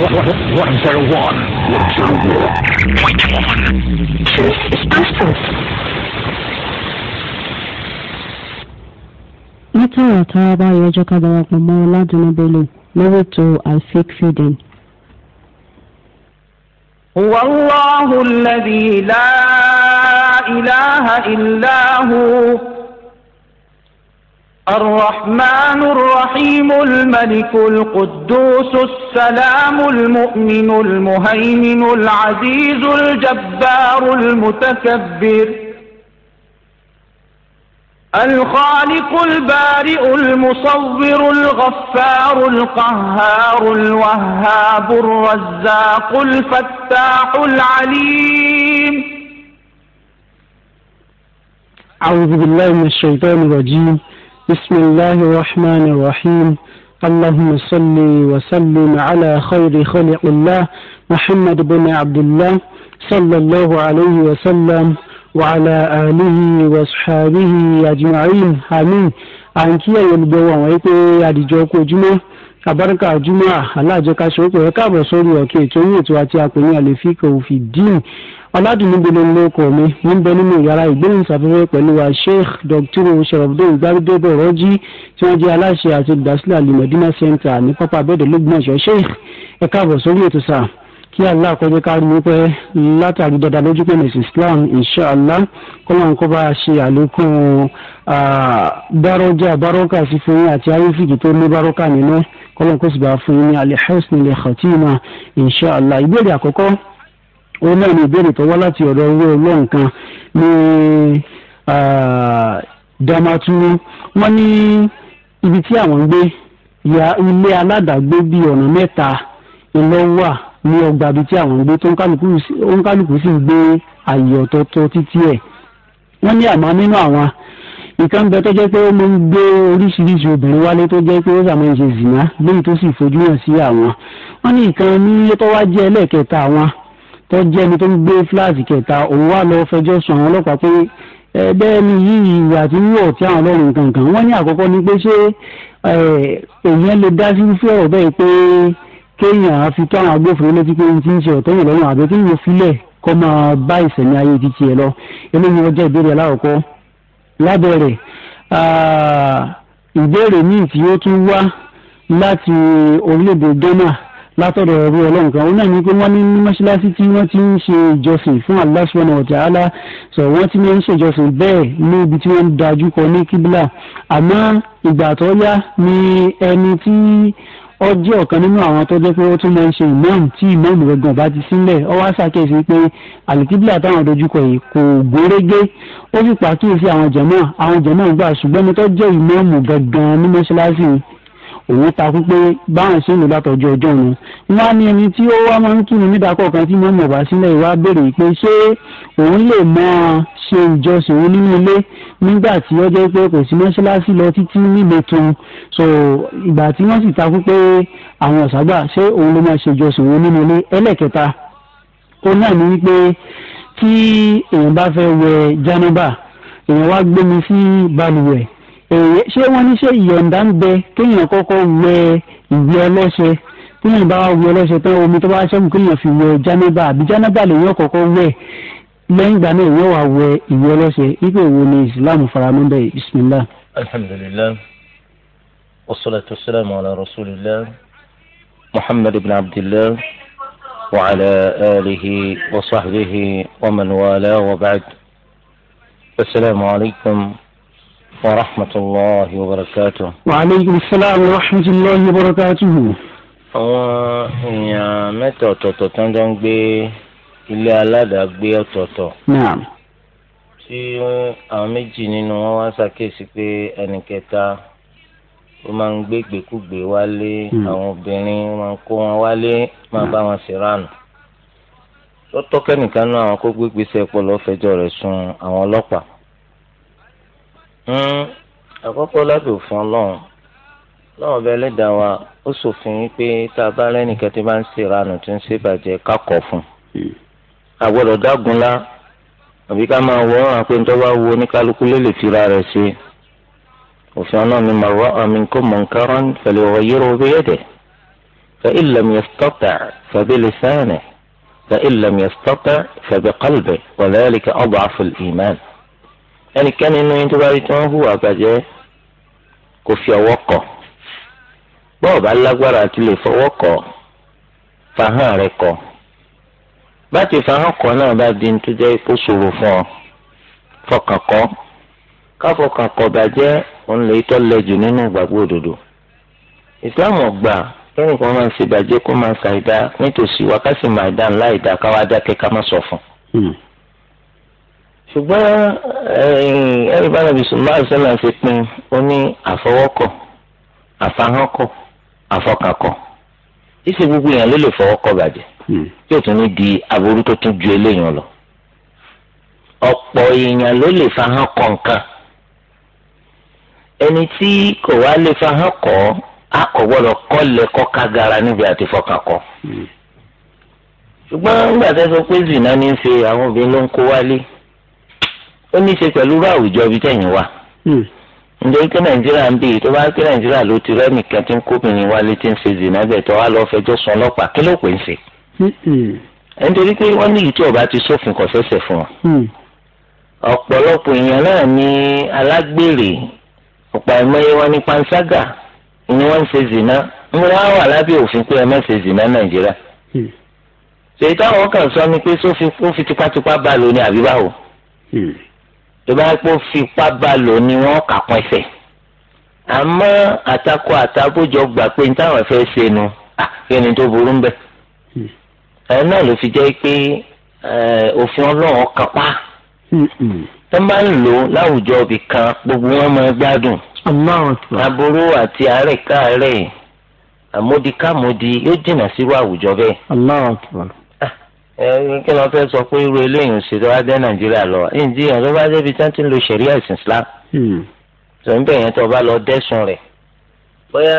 101. 101. Point one. Choose person. Metro Taraba Yojoka Barak Mamola Dunabelu, married to feeding. Fidin. هو الله الذي لا إله الرحمن الرحيم الملك القدوس السلام المؤمن المهيمن العزيز الجبار المتكبر الخالق البارئ المصور الغفار القهار الوهاب الرزاق الفتاح العليم أعوذ بالله من الشيطان الرجيم بسم الله الرحمن الرحيم اللهم صل وسلم على خير خلق الله محمد بن عبد الله صلى الله عليه وسلم وعلى آله وصحابه أجمعين آمين à ń kí ẹ̀yọ́ olùgbọ́wọ́ àwọn pé àdìjọ kú ojúmọ́ àbáràkà ojúmọ́ aláàjọkáṣe ó pè é káàbọ̀ sórí ọ̀kẹ́ ètò yìí ètò àti àpò ní àlèfíkọ̀ òfin dín aládùnnúgbò lórúkọ mi ń bẹ nínú yàrá ìgbóhùnsáfẹ́fẹ́ pẹ̀lú wa sheikh dr sharafdin gbàgede rọ́jí tí wọ́n jẹ́ aláṣẹ àti olùdásílẹ̀ alimọ̀dínà center ní pápá abẹ́ẹ̀dẹ̀ lọ́gbọ̀nsọ̀ sheikh ẹ káàbọ̀ sórí ètò sáà kí allah kọjá kárí wípé látàrí dáadáa lójú pé mẹsì islam inshàlá kọ́lọ́n kọ́ bá ṣe àlékún dárọ́jà bárọ́kà sí fún yín àti ayéfìkì tó ní bárọ́kà nínú kọ́lọ́n kó sì bá fún yín ní alẹ́ hẹ́sìn ilẹ̀ khatima inshàlá ìbéèrè àkọ́kọ́ òun náà ni ìbéèrè tó wá láti ọ̀dọ̀ owó ọlọ́run kan ní damaturu wọ́n ní ibi tí àwọn ń gbé ya ilé aládàgbé bíi ọ̀nà mẹ́ta ìlọ́wà ní ọgbà ibi tí àwọn ń gbé tó ń kálukú sì gbé àyè ọ̀tọ̀ọ̀tọ̀ títí ẹ̀ wọ́n ní àmọ́ nínú àwọn ìkan bẹ tó jẹ́ pé ó máa ń gbé oríṣiríṣi obìnrin wálé tó jẹ́ pé ó sàmọ ìṣe zìnà lẹ́yìn tó sì fojú hàn sí àwọn wọ́n ní ìkan ní tó wá ẹlẹ́ẹ̀kẹta àwọn tó jẹ́ ẹni tó ń gbé fúláàtì kẹta òun wá lọ fẹjọ́ sùn àwọn ọlọ́pàá pé ẹgbẹ́ ni yíyí ìwà tí wíwọ̀ tí àwọn ọlọ́run kankan wọ́n ní àkọ́kọ́ ni pé ṣé èèyàn lè dá sí fún ọ̀rọ̀ bẹ́ẹ̀ pé kéèyàn á fi tó àwọn agbófinró létí pé ohun tí ń ṣe ọ̀tọ̀ yẹn lọ́rùn àbí kéèyàn filẹ̀ kọ́ máa bá ìsẹ̀mí ayé títí ẹ lọ eléyìí wọ́n jẹ́ ìbéèrè aláwọ̀kọ́ lábẹ́rẹ̀ ìbéèrè míì tí ó tún wá láti orílẹ̀-èdè Ghana látọ̀dọ̀ ẹ̀rú ọlọ́run kan ó náà ní pé wọ́n ní mọ́ṣáláṣí tí wọ́n ti ń ṣe ìjọsìn fún Allah subhanahu wa ta'ala sọ wọ́n ti máa ń ṣèjọsìn bẹ́ẹ̀ ní ibi tí wọ́n ń dájú kọ ní kíbílà àmọ́ ìgbà tó yá ni ẹni tí ó jẹ́ ọ̀kan nínú àwọn tó jẹ́ pé ó tún máa ń ṣe ìmáàmù tí ìmáàmù rẹ̀ gan bá ti sílẹ̀ ó wá ṣàkíyèsí pé àlìkíbílà táwọn dojúkọ yìí kò gúnrégé ó sì pàkíyèsí àwọn jàmáà àwọn jàmáà gbà ṣùgbọ́n mi tó jẹ́ ìmáàmù gangan ní mọ́ṣáláṣí òun takú pé báwọn ṣe ń lò látọjọ ọjọ́ ni wọn á ní ẹni tí ó wá máa ń kírun níta kọ̀ọ̀kan tí mọmọ wá sílẹ̀ ìwà béèrè pé ṣé òun lè máa ṣe ìjọsìn òun nínú ilé nígbà tí ó jẹ́ pé kò sí mọ́ṣáláṣí lọ títí níletun so ìgbà tí wọ́n sì takú pé àwọn ọ̀ságbà ṣé òun ló máa ṣe ìjọsìn òun nínú ilé ẹlẹ́kẹta ó náà ní wípé tí èèyàn bá fẹ́ wẹ̀ jánábà èèyàn wá gbé mi sí balùwẹ̀ Eh, ṣé wọ́n ní ṣé ìyọ̀ǹda ń bẹ kéèyàn kọ́kọ́ wẹ ìgbẹ́ ọlọ́ṣẹ kéèyàn bá wẹ ọlọ́ṣẹ tán omi tó bá ṣẹ́kù kéèyàn fi wẹ jánábà àbí jánábà lèyàn kọ́kọ́ wẹ lẹ́yìn ìgbà náà ìwé wa wẹ ìgbẹ́ ọlọ́ṣẹ ipò wo ni islam faramọ́ bẹ́ẹ̀ bismillah. alhamdulilayi wasalaatu wasalaamu ala rasulillah muhammad ibn abdillah wa ala alihi wa sahbihi wa man wala wa ba'd asalaamu alaykum. As ورحمة الله وبركاته. وعليكم السلام ورحمة الله وبركاته. àwọn èèyàn mẹ́ta ọ̀tọ̀ọ̀tọ̀ tó ń jọ ń gbé ilé aládàágbé ọ̀tọ̀ọ̀tọ̀. tí àwọn méjì nínú wọn wá ṣàkíyèsí pé ẹnì kẹta ó máa ń gbé gbèkúgbè wálé hmm. àwọn obìnrin máa ń kó wọn wálé máa hmm. bá wọn sì ránù. lọ́tọ́ kẹ́nìkan náà àwọn kó gbégbèsè ọpọlọ fẹjọ́ rẹ̀ sùn àwọn ọlọ́pàá. àkọ́kọ́ lábẹ́ òfin ọlọ́run lọ́wọ́ bẹ́ẹ̀ lẹ́dàá wa ó ṣòfin pé tá a bá rẹ́nìkan tí bá ń ṣe ìranù tó ń ṣe ìbàjẹ́ kákọ̀ fún un àgbọ̀dọ̀ dágunlá àbí ká máa wọ ọ́n àpé nítorí wàá wo oníkálukú waa wo ni kaluku lè fira rẹ̀ ṣe òfin ọlọ́run ni màá wá àmì kó munkaran falyughayyiru biyadihi fa in lam yastati' fa bilisanihi fa in lam stọ́tà fa biqalbihi wa dhalika ad'afu al-iman. ẹnikẹ́ni nínú yín tó bá rí tí wọ́n hùwà bàjẹ́ kò fi ọwọ́ kọ̀ bọ́ọ̀ bá lágbára àti lè fọwọ́ kọ̀ di tó jẹ́ kó ṣòro fún ọ fọkàn kọ̀ káfọkàn kọ̀ bàjẹ́ òun lè tọ́ lẹ jù nínú ìgbàgbọ́ òdodo ìsìláàmù ọgbà lẹ́yìn kan máa ń ṣe bàjẹ́ kó máa ṣàìdá nítòsí wa káwá dákẹ́ ká má sọ hmm. ṣùgbọ́n ẹ̀rìbára bisimilá sẹ́lá ti pin ó ní àfọwọ́kọ̀ àfahànkọ̀ àfọkànkọ̀ ìṣe gbogbo èèyàn ló lè fọwọ́kọ̀ bàjẹ́ hmm. tí ó tún ní di aburú tó tún ju eléyàn lọ ọ̀pọ̀ èèyàn ló lè fahàn kọ̀ nǹkan ẹni tí kò wá lè fahàn kọ̀ á kò gbọ́dọ̀ kọ́ lẹ́kọ́ kágara níbi àti fọkànkọ̀ hmm. ṣùgbọ́n sọ pé zina ní í ṣe àwọn obìnrin ló ó ní í ṣe pẹ̀lú irú àwùjọ ibi tẹ̀yìn wà. nítorí hmm. pé nàìjíríà ń bì í tó bá pé nàìjíríà ló ti rẹ́nìkan tí ń kóbìnrin wálé tí ń ṣe zìnà bẹ̀ tó wá lọ́ọ́ fẹjọ́ sun ọlọ́pàá kí ló pè hmm. ń ṣe. nítorí pé wọ́n ní ìtú ọba ti sófin kọ̀ sẹ́sẹ̀ fún wọn. Hmm. ọ̀pọ̀lọpọ̀ èèyàn náà ní alágbèrè ọ̀pọ̀ àìmọye wọn ní panṣágà ni wọ́n ń ṣe zìnà ń wọ́n wà lábẹ́ òfin pé ẹ má ṣe zìnà nàìjíríà ṣèyí táwọn kan sọ ni pé sófin ó fi tipátipá bá lò ní àbí tó bá pọ̀ fipá bá lò ní wọ́n kà pọ̀ ẹsẹ̀ àmọ́ àtakọ àtabójọ gbà pé ní táwọn fẹ́ ṣe nu kí ni tó burú ń bẹ̀. ẹ̀ náà ló fi jẹ́ pé òfin ọlọ́run kápá hmm. tó máa ń lò láwùjọ ibì kan gbogbo wọn máa gbádùn aburú àti àárẹ̀ káàárẹ̀ àmódìkámódì yóò jìnnà sírú àwùjọ bẹ́ẹ̀ ẹ kí ló fẹ́ sọ pé irú eléyìí ń ṣe tó bá dé nàìjíríà lọ ǹjẹ́ yẹn tó bá dé ibi tí wọ́n ti ń lo sẹ̀ríà ìsìn islam tó ń bẹ̀ yẹn tó bá lọ dẹ́sùn rẹ̀ bóyá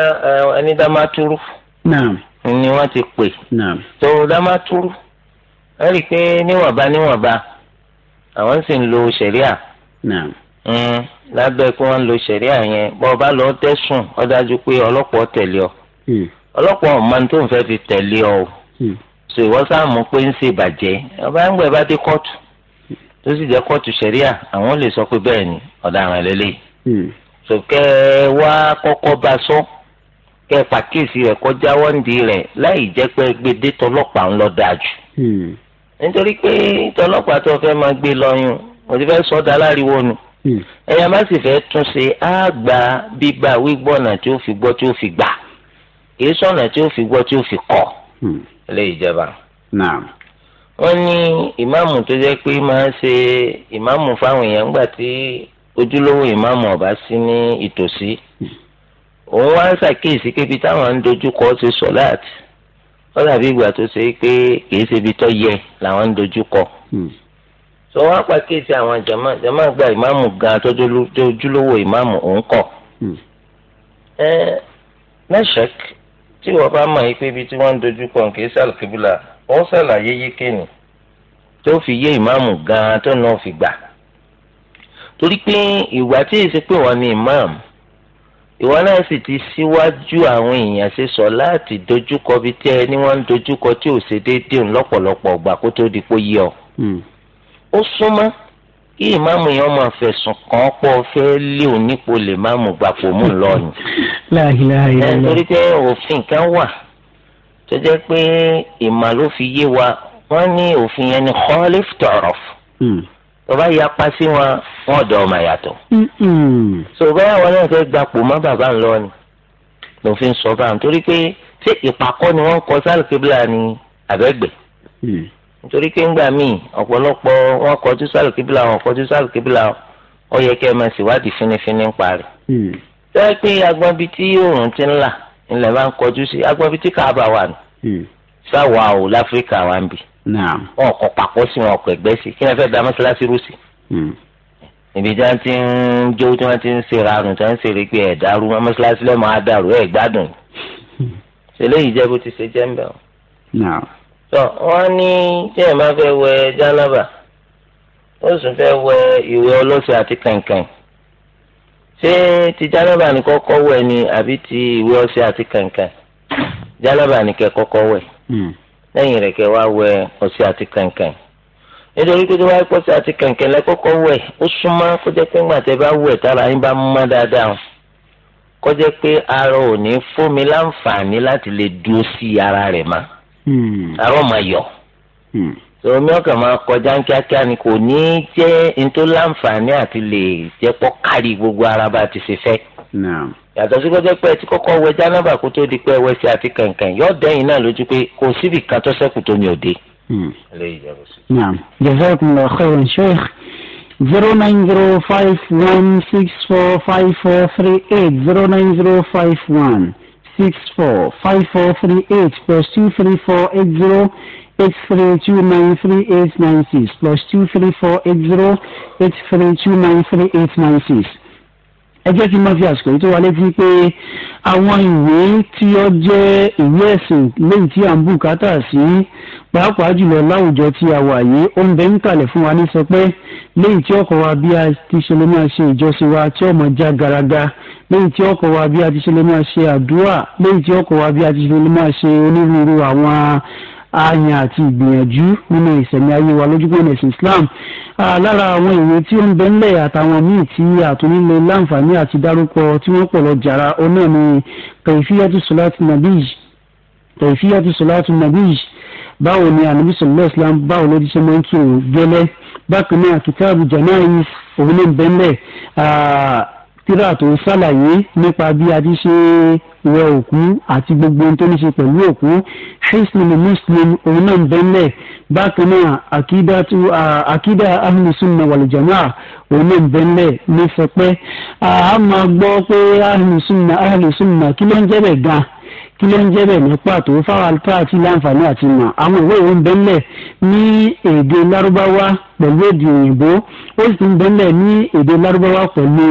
ẹni dámátúrú ni wọ́n ti pè tó dámátúrú ẹ rí i pé níwọ̀nba níwọ̀nba àwọn sì ń lo sẹ̀ríà hmm, lábẹ́ pé wọ́n ń lo sẹ̀ríà yẹn bọ́ ọ bá lọ dẹ́sùn ọ dájú pé ọlọ́pàá tẹ̀lé ọ hmm. ọlọ́pàá ọ̀ so ìwọ sáà mọ̀ pé ń ṣe ìbàjẹ́ ọba ń gbẹ bá dé kóòtù tó sì jẹ́ kóòtù ṣẹ̀ríà àwọn lè sọ pé bẹ́ẹ̀ ni ọ̀daràn lélẹ́yìí hmm. so kẹ́ ẹ wá kọ́kọ́ bá sọ kẹ́ ẹ pàkíyèsí rẹ̀ kọjá wọ́ndì rẹ̀ láì jẹ́ pé gbé dé tọlọ́pàá ń lọ dáa jù hmm. nítorí pé tọlọ́pàá tó fẹ́ máa gbé lọ́yún mo ti fẹ́ sọ́dà láriwo nù hmm. ẹ̀yà má sì fẹ́ tún ṣe á gba bíbá wígbọ́nà tí ó fi gbọ́ tí ó fi gbà kì í sọ̀nà tí ó fi gbọ́ tí ó fi kọ̀ ilé ìjọba. wọ́n ní ìmáàmù tó jẹ́ pé máa ń ṣe ìmáàmù fáwọn èèyàn nígbà tí ojúlówó ìmáàmù ọ̀bá sí ní ìtòsí òun wá ń ṣàkíyèsí pé ibi táwọn ń dojúkọ ṣe sọ̀láàtì wọ́n dàbí ìgbà tó ṣe pé kìí ṣe ibi tó yẹ làwọn ń dojúkọ. Hmm. sọ wọ́n á pàkíyèsí àwọn jama jama gba ìmáàmù gan tó ojúlówó ìmáàmù òun kọ̀. Hmm. ẹ náà ṣẹ́kì tí wọ́n bá mọ̀ yìí pé ibi tí wọ́n ń dojú kọ nǹkan ṣàlù kíbùlà ó ṣàlàyé yékè ni tó fi yé ìmáàmù gan-an tó náà fi gbà torí pé ìwà tí èsì pé wọ́n ní ìmáàmù ìwọ náà sì ti síwájú àwọn èèyàn ṣe sọ láti dojúkọ bí tí ẹni wọ́n ń dojúkọ tí ò ṣe déédéé lọ́pọ̀lọpọ̀ ọgbà kó tó di pó yí ọ. Hmm. ó súnmọ́ kí ìmáàmù yẹn máa fẹ̀sùn kàn pọ̀ fẹ́ lé onípo lè máàmù gbapò mú lọ́ọ̀nì. nítorí pé òfin kan wà tó jẹ́ pé ìmà ló fi yé wa wọ́n ní òfin yẹn ni khalif tọ̀rọ̀f hmm. tó bá yapa sí wọn wọn dọ̀ ọmọ yàtọ̀. Hmm. so báyà wọn náà fẹ́ gbapò mọ́ bàbá ńlọ ni lòfin sọ báà nítorí pé ṣé ìpàkọ́ ni wọ́n kọ sálùkébìlà ni àbẹ́gbẹ̀. Hmm nítorí pé ńgbà míì ọ̀pọ̀lọpọ̀ wọn kọjú sálù kíbílà wọn kọjú sálù kíbílà ó yẹ kí ẹ máa ṣèwádìí fínífíní ń parí. sẹ́yìn hmm. pé agbọ́n bíi tí oòrùn ti ń là ńlẹ̀ máa ń kọjú sí agbọ́n bíi tí káàbà wà nù. Hmm. sáwa ò láfíríkà wa ń bì. wọn kọ papọ̀ sí wọn kọ ẹgbẹ́ sí kí wọ́n fẹ́ da mọ́ṣáláṣí rú sí. Hmm. ibi tí wọ́n ti ń jó tí wọ́n ti ń ṣe ranù tí wọ́n ń ṣe rí pé ẹ̀ dàrú mọ́ṣáláṣí lẹ́mọ̀ á dàrú ẹ̀ gbádùn. ṣe léyìí ti ṣe jẹ́ ń bẹ̀ tọ wọn ní tí ẹ máa fẹ́ wẹ̀ jánábà ó sì fẹ́ wẹ̀ ìwẹ̀ ọlọ́sẹ̀ àti kànkàn ṣé ti jánábà ní kọ́kọ́ wẹ̀ ni àbí ti ìwẹ̀ ọṣẹ àti kànkàn jánábà ní kẹ́ kọ́kọ́ wẹ̀ hmm. lẹ́yìn rẹ̀ kẹ́ wá wẹ̀ ọṣẹ àti kànkàn nítorí pé tó wáyé pọ́sí àti kẹ̀kẹ́ lẹ́kọ́kọ́ wẹ̀ ó súnmọ́ kó jẹ́ pé ńgbà tẹ́ bá wẹ̀ tára yín bá mọ́ dáadáa o kó jẹ́ pé ara ò ní fún mi láǹfààní láti lè dúró sí ara rẹ̀ máa àrò mà yọ tòun ní ọkàn máa kọjá kíákíá ni kò ní í jẹ́ nítorí láǹfààní àti lè jẹ́ pọ́ kárí gbogbo ara bá ti ṣe fẹ́. yàtọ̀ sí gbọ́dọ̀ pé ẹtí kọ́kọ́ wẹ jánábà kó tó di pé ẹwẹ́ sí àti kànkàn yóò dẹ́yìn náà lójú pé kò síbi kan tó sẹ́kù tó mi ò dé. jazakumullahu khairan sheikh zero nine zero five one six four five four three eight zero nine zero five one six four five four three eight plus two three four eight zero eight three two nine three eight nine six plus two three four eight zero eight three two nine three eight nine six. ẹ jẹ́ kí n máa fi àsìkò yìí tó wa létí pé àwọn ìwé tí ó jẹ́ ìwé ẹ̀sìn lẹ́yìn tí à ń bùkátà sí pàápàá jùlọ láwùjọ tí a wà yìí ó ń bẹ ń kalẹ̀ fún wa ní sọ pé lẹ́yìn tí ọkọ̀ wa bí a ti ṣe lè máa ìjọsìn wa tí ọmọ já garaga lẹ́yìn tí ó kọ́ wa bí a ti ṣe lè máa ṣe àdúrà lẹ́yìn tí ó wa bí a ti ṣe lè máa ṣe onírúurú àwọn àyàn àti ìgbìyànjú nínú ìsẹ̀mí ayé wa lójúmọ́ ẹ̀sìn Islam lára àwọn ìwé tí ó ń bẹ ńlẹ̀ àtàwọn míì tí àtúnilẹ̀ láǹfààní àti dárúkọ tí wọ́n pọ̀ lọ jàrá ọ̀nà ni kẹ̀fíyàtú sọláàtì nàbíyì kẹ̀fíyàtú sọláàtì nàbíyì báwo ni ànábì sọlọ́ Islam báwo ló ti ṣe máa ń kí òun gẹ́lẹ́ bákan náà kìtàbù jàmáà yìí òun ló ń bẹ ńlẹ̀ tíra tó ṣàlàyé nípa bí a ti ṣe wẹ òkú àti gbogbo ohun tó ní ṣe pẹ̀lú òkú hisnul muslim òun náà ń bẹ mẹ́ bákan náà akida ahlùsùnà wàlìjàmá òun náà ń bẹ mẹ́ ní fẹpẹ́ a máa gbọ́ pé ahlùsùnà ahlùsùnà kí ló ń jẹ́ bẹ̀ gan-an kí ló ń jẹ́ bẹ́ẹ̀ ní pàtó fáwọn àti láǹfààní àti mọ̀ àwọn ìwé ìwé ń bẹ́ńlẹ̀ ní èdè lárúbáwá pẹ̀lú èdè òyìnbó ó sì ń bẹ́ńlẹ̀ ní èdè lárúbáwá pẹ̀lú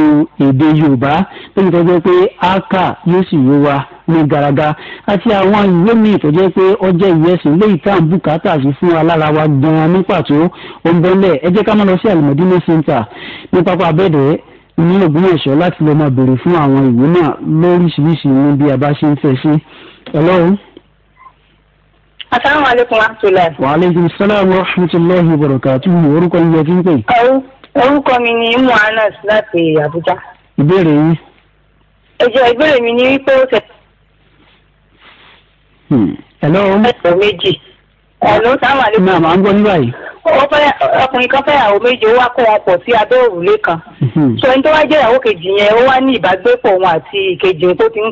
èdè yorùbá lórí tó jẹ́ pé áká yóò sì yé wa ní garaga àti àwọn ìwé míì tó jẹ́ pé ọjọ́ ìyẹ́sìn lóyìí tá bùkátà sí fún alára wa gan-an ní pàtó ó ń bẹ́ńlẹ̀ ẹ jẹ́ ká má lọ sí Al-Madina ní pápá abẹ́ẹ̀dẹ́ ní Ògbómọ̀ṣọ́ láti lọ máa béèrè fún àwọn ìwé náà lóríṣiríṣi ní bí a bá ṣe ń fẹ́ ṣe. Hello. asalaamualeykum wa rahmatulahi. wa aleykum salaam wa rahmatulahi wa barakatuhu orúkọ yín yẹn ti ń pè. orúkọ mi ni muhammed láti Àbújá. ìbéèrè yín. ẹjọ ìbéèrè mi ni wípé ó ṣe. Hmm. hello. ẹ̀sọ́ méjì. hello salaam aleykum. náà màá ń gbọ́ ní báyìí ọkùnrin kan fẹ́yàwó méje ó wá kó wọn pọ̀ sí abẹ́ òrùlé kan hmm. sọ ẹni tó wá jẹ́ ìyàwó kejì yẹn ó wá ní ìbágbépọ̀ òun àti ìkejì tó ti ń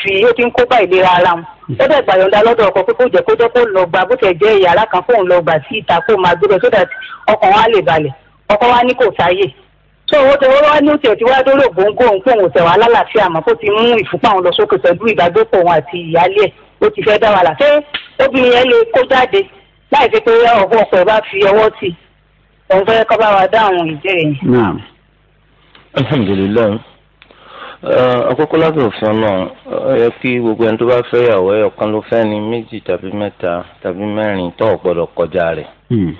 fi ó ti ń kópa ìlera ara wọn ó dẹ̀ gbà yọ̀ǹda lọ́dọ̀ ọkọ pé kó jẹ́ kó jẹ́ kó lọ gba bó tẹ̀ jẹ́ ìyàrá kan fóun lọ gbà sí ìta kó máa gbé bẹ́ẹ̀ so that ọkàn wa lè balẹ̀ ọkọ wa ní kò sáyè so owó tẹ̀wọ́ wá ní òtẹ̀ tí wá dóró ògbóǹgbò òun fóun ò tẹ̀wá lálàáfíà àmọ́ kó ti mú ìfúnpá òun lọ sókè pẹ̀lú ìbágbépọ̀ òun àti ìyálé ẹ̀ ó ti fẹ́ dá wàhálà ṣé obìnrin yẹn lè kó jáde láì fi pé ọ̀gbọ́n ọ̀pọ̀ bá fi ọwọ́ tì òun fẹ́ kọ́ bá wa dá àwọn ìbéèrè yẹn. alhamdulilayi eh, àkókò lábẹ́ òfin náà ó yẹ kí gbogbo ẹni tó bá fẹ́ yàwó ẹ̀yọ̀kan ló fẹ́ ni méjì tàbí mẹ́ta tàbí mẹ́rin tó ò kọjá rẹ̀ hmm.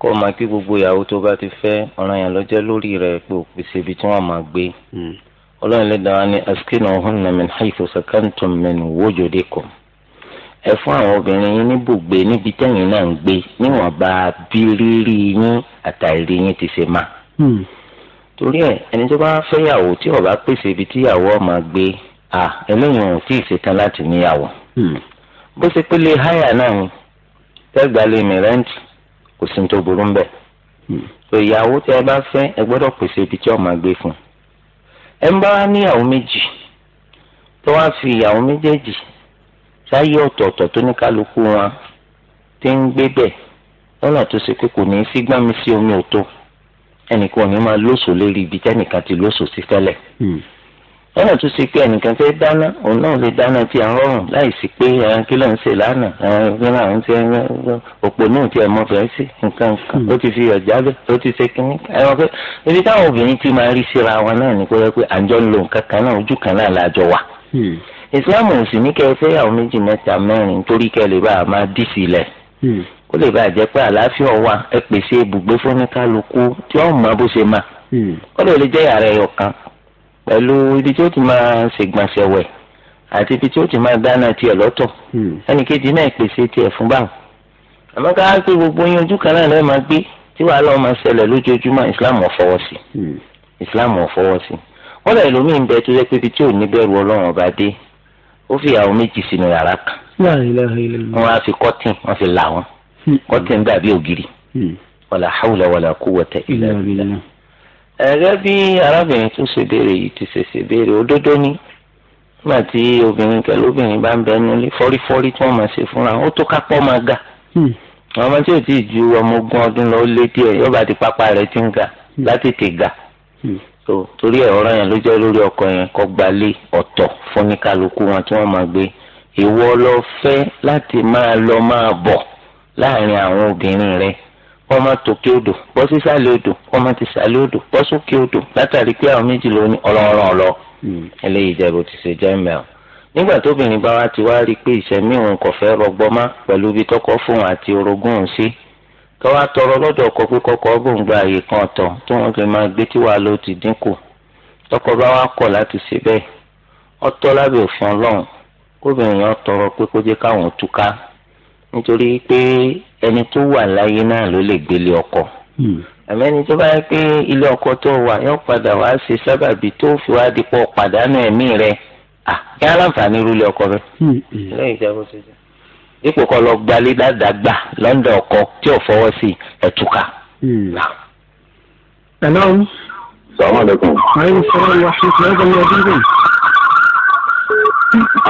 kó o kí gbogbo ìyàwó tó bá ti fẹ́ ọ̀ràn yẹn lọ́jẹ́ lórí rẹ̀ pé o pèsè ibi tí wọ́n máa gbé hmm. ọlọ́run lè dára ní ọ̀hún nàmín haythu sakantum min ẹ fún àwọn obìnrin yín níbùgbé níbi tẹ́yìn náà ń gbé níwọ̀nba bí yín àtàrí yín ti ṣe máa. Hmm. torí ẹ ẹni tó bá fẹ́yàwó tí ó bá pèsè ibi tíyàwó ọmọ gbé à ẹlẹ́yìn ò tí ì ṣetán láti níyàwó. Hmm. bó ṣe pélé háyà náà ni tẹ́gbàlẹ̀ mi rẹ́ǹtì kò sí tó burú mbẹ̀. Hmm. ìyàwó tí ẹ bá fẹ́ ẹ gbọ́dọ̀ pèsè ibi tí ọmọ gbé fún. ẹ ń bá níyàwó méjì tó wá fi ìyàwó méjèèjì láyé ọ̀tọ̀ọ̀tọ̀ tó ní kálukú wọn ti ń gbé bẹ̀ lọ́nà tó ṣe pé kò ní í sígbọ́n mi sí omi òtó ẹnìkan ò ní máa lóṣò lérí ibi tẹ́nìkan ti lóṣò sí tẹ́lẹ̀ hmm. lọ́nà tó ṣe pé ẹnìkan fẹ́ dáná òun náà lè dáná tí à ń rọrùn láìsí pé ẹran kí ló ń ṣe lánàá ẹran kí ló ń ṣe òpó náà tí ẹ mọ fẹ́ sí nǹkan nǹkan hmm. ó ti fi ọ̀já bẹ́ẹ̀ ó ti ṣe kínní ẹran pé ibi táwọn obìnrin ti máa rí síra wọn náà ni pé àjọ ń lo nǹkan kan náà ojú kan náà lájọ wà. Hmm islam ò sì ní kẹ́ ẹ fẹ́yàwó méjì mẹ́ta mẹ́rin torí kẹ́ lè bá a máa dì sílẹ̀ kó hmm. lè bá a jẹ́ pé àlàáfíà wà ẹ pèsè ibùgbé fúnikálukú tí ó mọ bó ṣe máa hmm. ó lè lè jẹ́ yàrá ẹyọ kan pẹ̀lú ibi tí ó ti máa ṣègbọ̀nsẹ̀ wẹ̀ àti ibi tí ó ti máa dáná tiẹ̀ lọ́tọ̀ hmm. ẹnì kejì náà pèsè tiẹ̀ fún báwọn àmọ́ ká pé gbogbo yín ojú kan náà lẹ́ẹ̀ máa islam ò islam ò fọwọ́ sí wọ́n lè lómi ń bẹ tó yẹ pé ibi tí ò ní bẹ̀rù ọlọ́run ọba dé ó fi ìyàwó méjì sínú yàrá kan wọn á fi kọ́tìn wọn fi là wọn kọ́tìn hmm. dàbí ògiri wàlà hàwùlà wàlà kúwwata ìlà billah. ẹ̀rẹ́ bí arábìnrin tó ṣe béèrè yìí ti ṣèṣe béèrè òdodo ni nígbà tí obìnrin pẹ̀lú obìnrin bá ń bẹ nílé fọ́rífọ́rí tí wọ́n máa ṣe fúnra ó tó kápọ́ máa ga hmm. àwọn ọmọ tí ò tí ì ju ọmọ ogún ọdún lọ ó lé díẹ̀ yọba di pápá rẹ̀ ti ń ga hmm. látètè ga tó torí ẹ̀ ọ̀rọ̀ yẹn ló jẹ́ lórí ọkọ yẹn kó gbalé ọ̀tọ̀ fún ní kálukú wọn tí wọ́n máa gbé ìwọ lọ fẹ́ láti máa lọ máa bọ̀ láàrin àwọn obìnrin rẹ wọ́n máa tòkè odò bọ́ sísàlẹ̀ odò wọ́n máa ti sàlẹ̀ odò bọ́ sókè odò látàrí pé àwọn méjì ló ní ọlọ́ọ̀rọ̀ ọ̀lọ́ hmm. eléyìí jẹ́ bó ti ṣe jẹ́ mẹ́ọ̀ nígbà tóbìnrin bá wa ti wá rí i pé ìṣẹ́mi kò fẹ́ rọgbọ́n má pẹ̀lú ibi tọkọ fún àti orogún òun sí tọ́wá tọrọ lọ́dọ̀ ọkọ pé kọ́kọ́ ọgbọ̀n gba àyè kan ọ̀tọ̀ tó wọ́n fi máa gbé tí wàá lò ti dínkù tọkọ bá wá kọ̀ láti ṣe bẹ́ẹ̀ ọtọ́ lábẹ́ òfin ọlọ́run kóbìnrin yẹn tọrọ pé kó jẹ́ káwọn túká nítorí pé ẹni tó wà láyé náà ló lè gbélé ọkọ hmm. àmọ́ ẹni tó bá yẹ pé ilé ọkọ tó wà yóò padà wá ṣe sábàbí tó fi wá dípò pàdánù ẹ̀mí rẹ̀ à kí aláǹfààní rúlé ọkọ rẹ̀ hmm. lẹ́yìn ìjábọ̀ tó jẹ́ ipò kan lọ gba lídàdàgbà lọ́ndà ọkọ tí ò fọwọ́ sí ẹ̀túkà. ẹ̀lọ́. sàmàlẹ́kùn. ayé sọ́wọ́n wa ṣe ti ẹ̀gbọ́n mi ọdún bẹ́ẹ̀.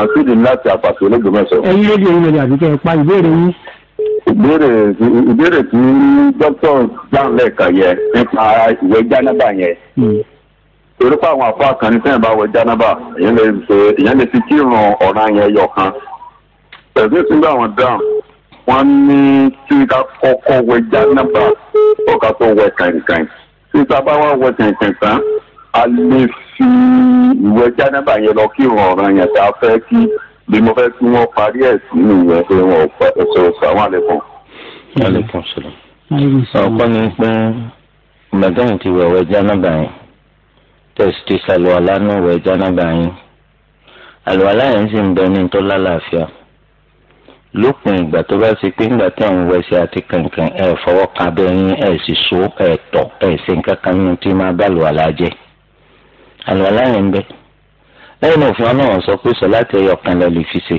àtúndì láti àpàtì olóògbémọ̀sọ. ẹyin ló di ẹyin lórí àbíkẹ́ pa ìbéèrè yín. ìbéèrè ìbéèrè tí dókítà dáhùn lẹ́ẹ̀kan yẹ nípa ìwé jánábà yẹn hmm. torí pé àwọn àfọ àkànní sẹ́yìn bá wọ jánábà èèyàn lè fi kírun ọ̀ràn yẹn yọ kan ẹ̀sìn ìsìn gbà wọ́n dáhùn wọ́n ní kí ká kọ́kọ́ wẹ jánábà tó ká tó wẹ kàìnkàìn tí ká bá wà wẹ kàìnkàìn tán a lè fi ìwẹ jánábà yẹn lọ kí ìrọ̀rùn yẹn tá a fẹ́ kí bí mo fẹ́ kí wọ́n parí ẹ̀ sí nìyẹn pé wọ́n ò pa ẹ̀sọ̀ sàwọn àlékún. àlékún ọkọ ni pé mẹtọ́n ti wẹ̀ wẹ jánábà yẹn tẹ̀sítì sàlùwàlá náà wẹ jánábà yẹn àlùwàlá yẹn sì ń bẹ ní tó lálàáfíà lópin ìgbà tó bá ṣe pé ńgbà tí àwọn wẹsẹ àti kankan ẹ fọwọ́ kan abẹ́ yín ẹ sì so ẹ tọ̀ ẹ ṣe nǹkan kan nínú tí máa bá lò alájẹ àlùwàlá yẹn ń bẹ lẹ́yìn náà òfin Ọlọ́run sọ pé sọláàtì ẹyọ kan lẹ lè fi ṣe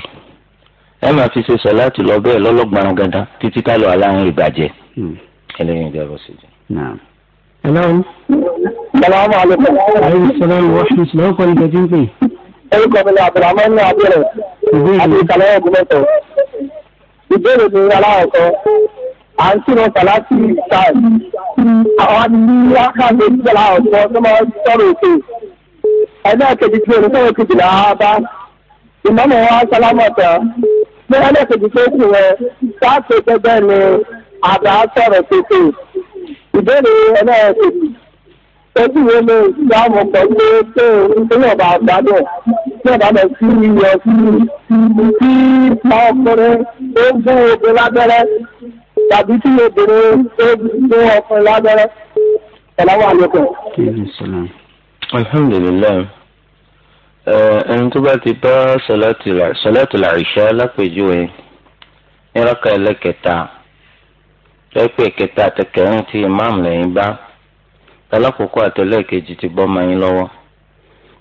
ẹ máa fi ṣe sọláàtì lọ bẹ́ẹ̀ lọ́lọ́gbọ̀n gandan títí tálọ aláwọn ìbàjẹ́ ẹlẹyìn ìjà bọ sí i. hello. salaamu aleykum. aleykum salaam wa rahmatulah. orúkọ mi ni abdulhamid ní abẹ́rẹ́ àti ìkàlẹ́ ọ̀gbìn mẹ́tọ̀ ìbéèrè mi aláwọ̀kọ́ à ń kírun sàlátì táì àwọn adìyí wákàtí ìjọba aláwọ̀kọ́ tó máa ń sọ̀rọ̀ òkè ẹlẹ́ẹ̀kejì tí olùkọ́ òkèjì là á bá ìmọ̀mọ̀ wa sálámọ̀ tán ní ẹlẹ́ẹ̀kejì tó kù rẹ̀ sáàtì gbẹgbẹ́ ni àdá sọ̀rọ̀ tètè ìbéèrè ẹlẹ́ẹ̀kejì ojú wo ló ìyá ọmọ pẹ̀lú pé nítorí ọba àgbàdo ní ọba lọ sí iyọ̀ sí sí ọkùnrin. tó ń gún tàbí tí obìnrin tó gún ọkùnrin lábẹ́rẹ́. Salamu alaikum. alhamdulilayi ẹni tó bá ti bá sọláàtì làrìṣà lápèjúwe nírọ̀kà ẹlẹ́kẹta kẹta àtẹkẹrin tí ìmáàmù lẹ́yìn bá alákòókò ti bọ́ mọ́ yín lọ́wọ́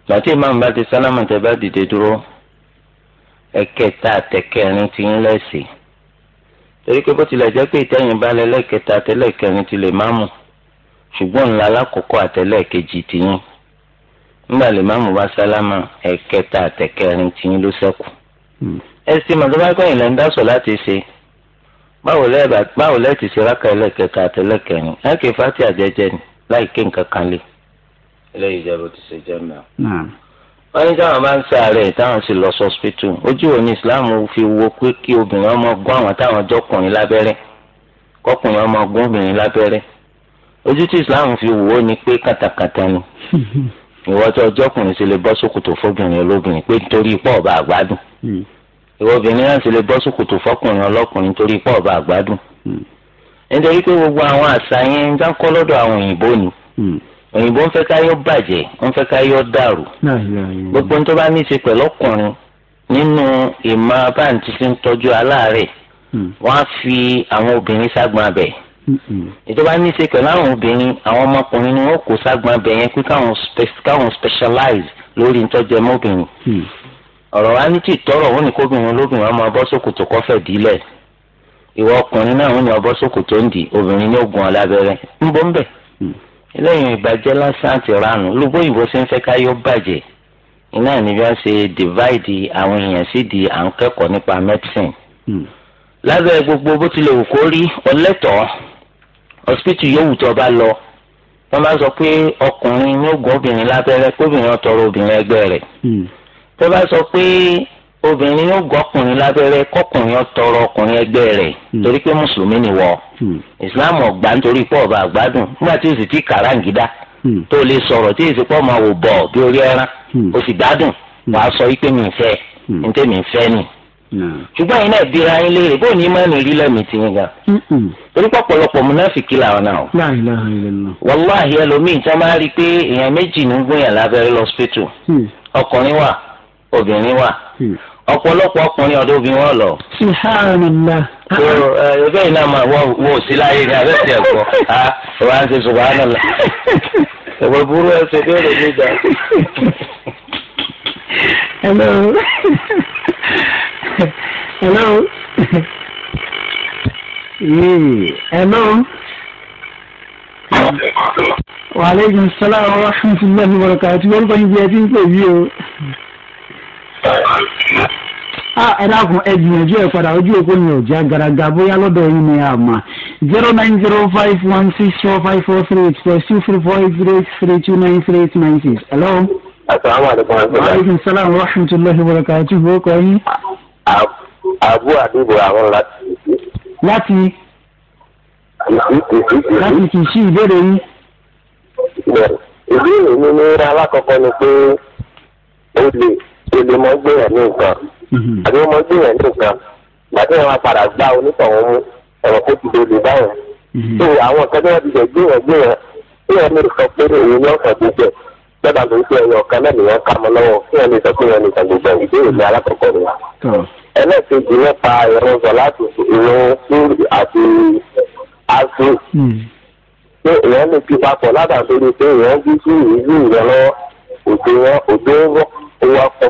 gbàtí ìmáàmù bá ti sálámù bá dìde dúró. ẹ̀kẹta àtẹ̀kẹrin ti ń lẹ́sìn torí pé bó tilẹ̀ jẹ́ pé ìtẹ̀yìn bá lẹ lẹ́kẹta àtẹlẹ́kẹrin ti lè má mú ṣùgbọ́n ńlá alákòókò àtẹlẹ́kejì ti yín nígbà lè má mú bá sálámà ẹ̀kẹta àtẹ̀kẹrin ti yín ló sẹ́kù. Hmm. ẹ sì mọ̀ tó bá gbẹ̀yìn lẹ́ ń láti ṣe báwo lẹ́ẹ̀bà báwo lẹ́ẹ̀ ti ṣe rákà ẹlẹ́kẹta àtẹlẹ́kẹrin láìké fátì àjẹjẹ ni láìké nǹkan kan lé. eléyìí jẹ́ bó wọ́n ní táwọn bá ń sàárẹ̀ táwọn sì lọ sọ́spítù ojú òní islam fi wo pé kí obìnrin ọmọ gún àwọn táwọn jọkùnrin lábẹ́rẹ́ kọkùnrin ọmọ gún obìnrin lábẹ́rẹ́ ojú tí islam fi wò ni pé kàtàkàtà ni ìwọ tó ọjọ́kùnrin sì lè bọ́ sókòtò fóbìnrin olóbìnrin pé nítorí ipò ọba àgbádùn hmm. ìwọ obìnrin náà sì lè bọ́ sókòtò fọkùnrin ọlọ́kùnrin nítorí ipò ọba àgbádùn hmm. nítorí pé gbogbo àwọn àṣà yẹn ń dákọ́ lọ́dọ̀ àwọn òyìnbó ni. Hmm òyìnbó ń fẹ́ káyọ̀ bàjẹ́ ń fẹ́ káyọ̀ dàrú gbogbo ń tó bá ní í ṣe pẹ̀lú ọkùnrin nínú ìmọ̀ abáǹtí sí ń tọ́jú aláàárẹ̀ hmm. wọ́n á fi àwọn obìnrin ságbọn abẹ ìjọba hmm, hmm. ní í ṣe pẹ̀lú àwọn obìnrin àwọn ọmọkùnrin ni wọ́n kò ságbọn abẹ yẹn pé káwọn specialize lórí ìtọ́jú ẹmọ́bìnrin ọ̀rọ̀ wa ní tí tọrọ òun ní kóbìnrin olóbìnrin ọmọ ọbọ̀ sókòtò kọfẹ̀ dílẹ̀ ìwọ ọkùnrin náà òun ní ọbọ̀ sókòtò ń dì obìnrin ní ogun ọ̀làbẹ̀rẹ̀ ń bọ́ ń bẹ̀ eléyìí ìbàjẹ́ lásán àti ránù olùgbò òyìnbó ṣe ń fẹ́ ká yọ bàjẹ́ iná ní bí wọ́n ṣe divide àwọn èèyàn sí di à ń kẹ́kọ̀ọ́ nípa medicine. Hmm. lábẹ́ gbogbo bó tilẹ̀ wù kó rí ọlẹ́tọ̀ọ́ hospital yòówù tó bá lọ wọ́n máa sọ pé ọkùnrin ní oògùn obìnrin lábẹ́rẹ́ kóbìnrin ó obìnrin ẹgbẹ́ rẹ̀ hmm. tó bá sọ pé obìnrin yóò labere lábẹ́rẹ́ kọkùnrin ọ̀tọ̀rọ̀ ọkùnrin ẹgbẹ́ rẹ̀ hmm. torí pé mùsùlùmí hmm. islam ọ̀gbà nítorí ọba àgbádùn nígbà tí o sì ti kàràǹgídá hmm. tó lè sọ̀rọ̀ tí èsì pọ̀ máa wò bọ̀ bí orí ẹran o sì gbádùn wàá sọ wípé mi fẹ́ mi ni. ṣùgbọ́n náà yín léèrè rí lẹ́mìí yín gan. torí pọ̀pọ̀lọpọ̀ ọ̀pọ̀lọpọ̀ ọkùnrin ọ̀dọ́ obìnrin wọn lọ. subhanallah. tó ah, ah. ẹ ẹgbẹ́ yìí náà máa wọ wọ sí láyé ní abẹ́ tiẹ̀ kọ́ a ah, wà á ṣe subhanallah. ẹ̀wọ̀n burú ẹ bí ọ̀rọ̀ mi dà. hello hello yìí hello. wa aleykum salaam wa rahmatulahi wa barakatuh wọ́n kọ́ ibi ẹ ti ń pè yí o. Ah, ẹ dákun ẹ gbìyànjú ẹ padà ojú òpó ni ọjà garaga bóyá lọ́dọ̀ yìí ni àmà zero nine zero five one six four five four three eight plus two three four eight zero eight three two nine three eight nine six. hello. asalaamualeykum. maaleykum salaam wa rahmatulahi wa barakatuhu o kò yín. àbú àdúgbò àwọn Lati. Lati láti kì í sí ìbéèrè yín. ìbéèrè mi ní alákọ̀ọ́kọ́ ni pé ó lè èdè mọ́ gbéyàn ní nǹkan mhm. àbí wọ́n mọ́ gbéyàn ní nǹkan gbàtí wọn padà gbá onítọ̀hún mú ọ̀rọ̀ kó ti dòdò báyẹn. Mhm. so àwọn kan tí wọ́n ti jẹ́ gbéyàn gbéyàn kí wọ́n lè sọ pé èyí ni ọ̀sán gbogbo ẹ̀ lọ́ba tó ń fi ẹyọ kan náà nìyẹn ká mọ́ lọ́wọ́ kí wọ́n lè sọ pé wọ́n lè sọ gbogbo ẹ̀ ìbéèrè ní alákọ̀ọ́kọ́ ni wa. ẹlẹ́ẹ̀kejì nípa ìrún sọ láti ìrún fúrì àti aṣọ hmm. pé èèyàn lè fi papọ̀ ó wá fọ́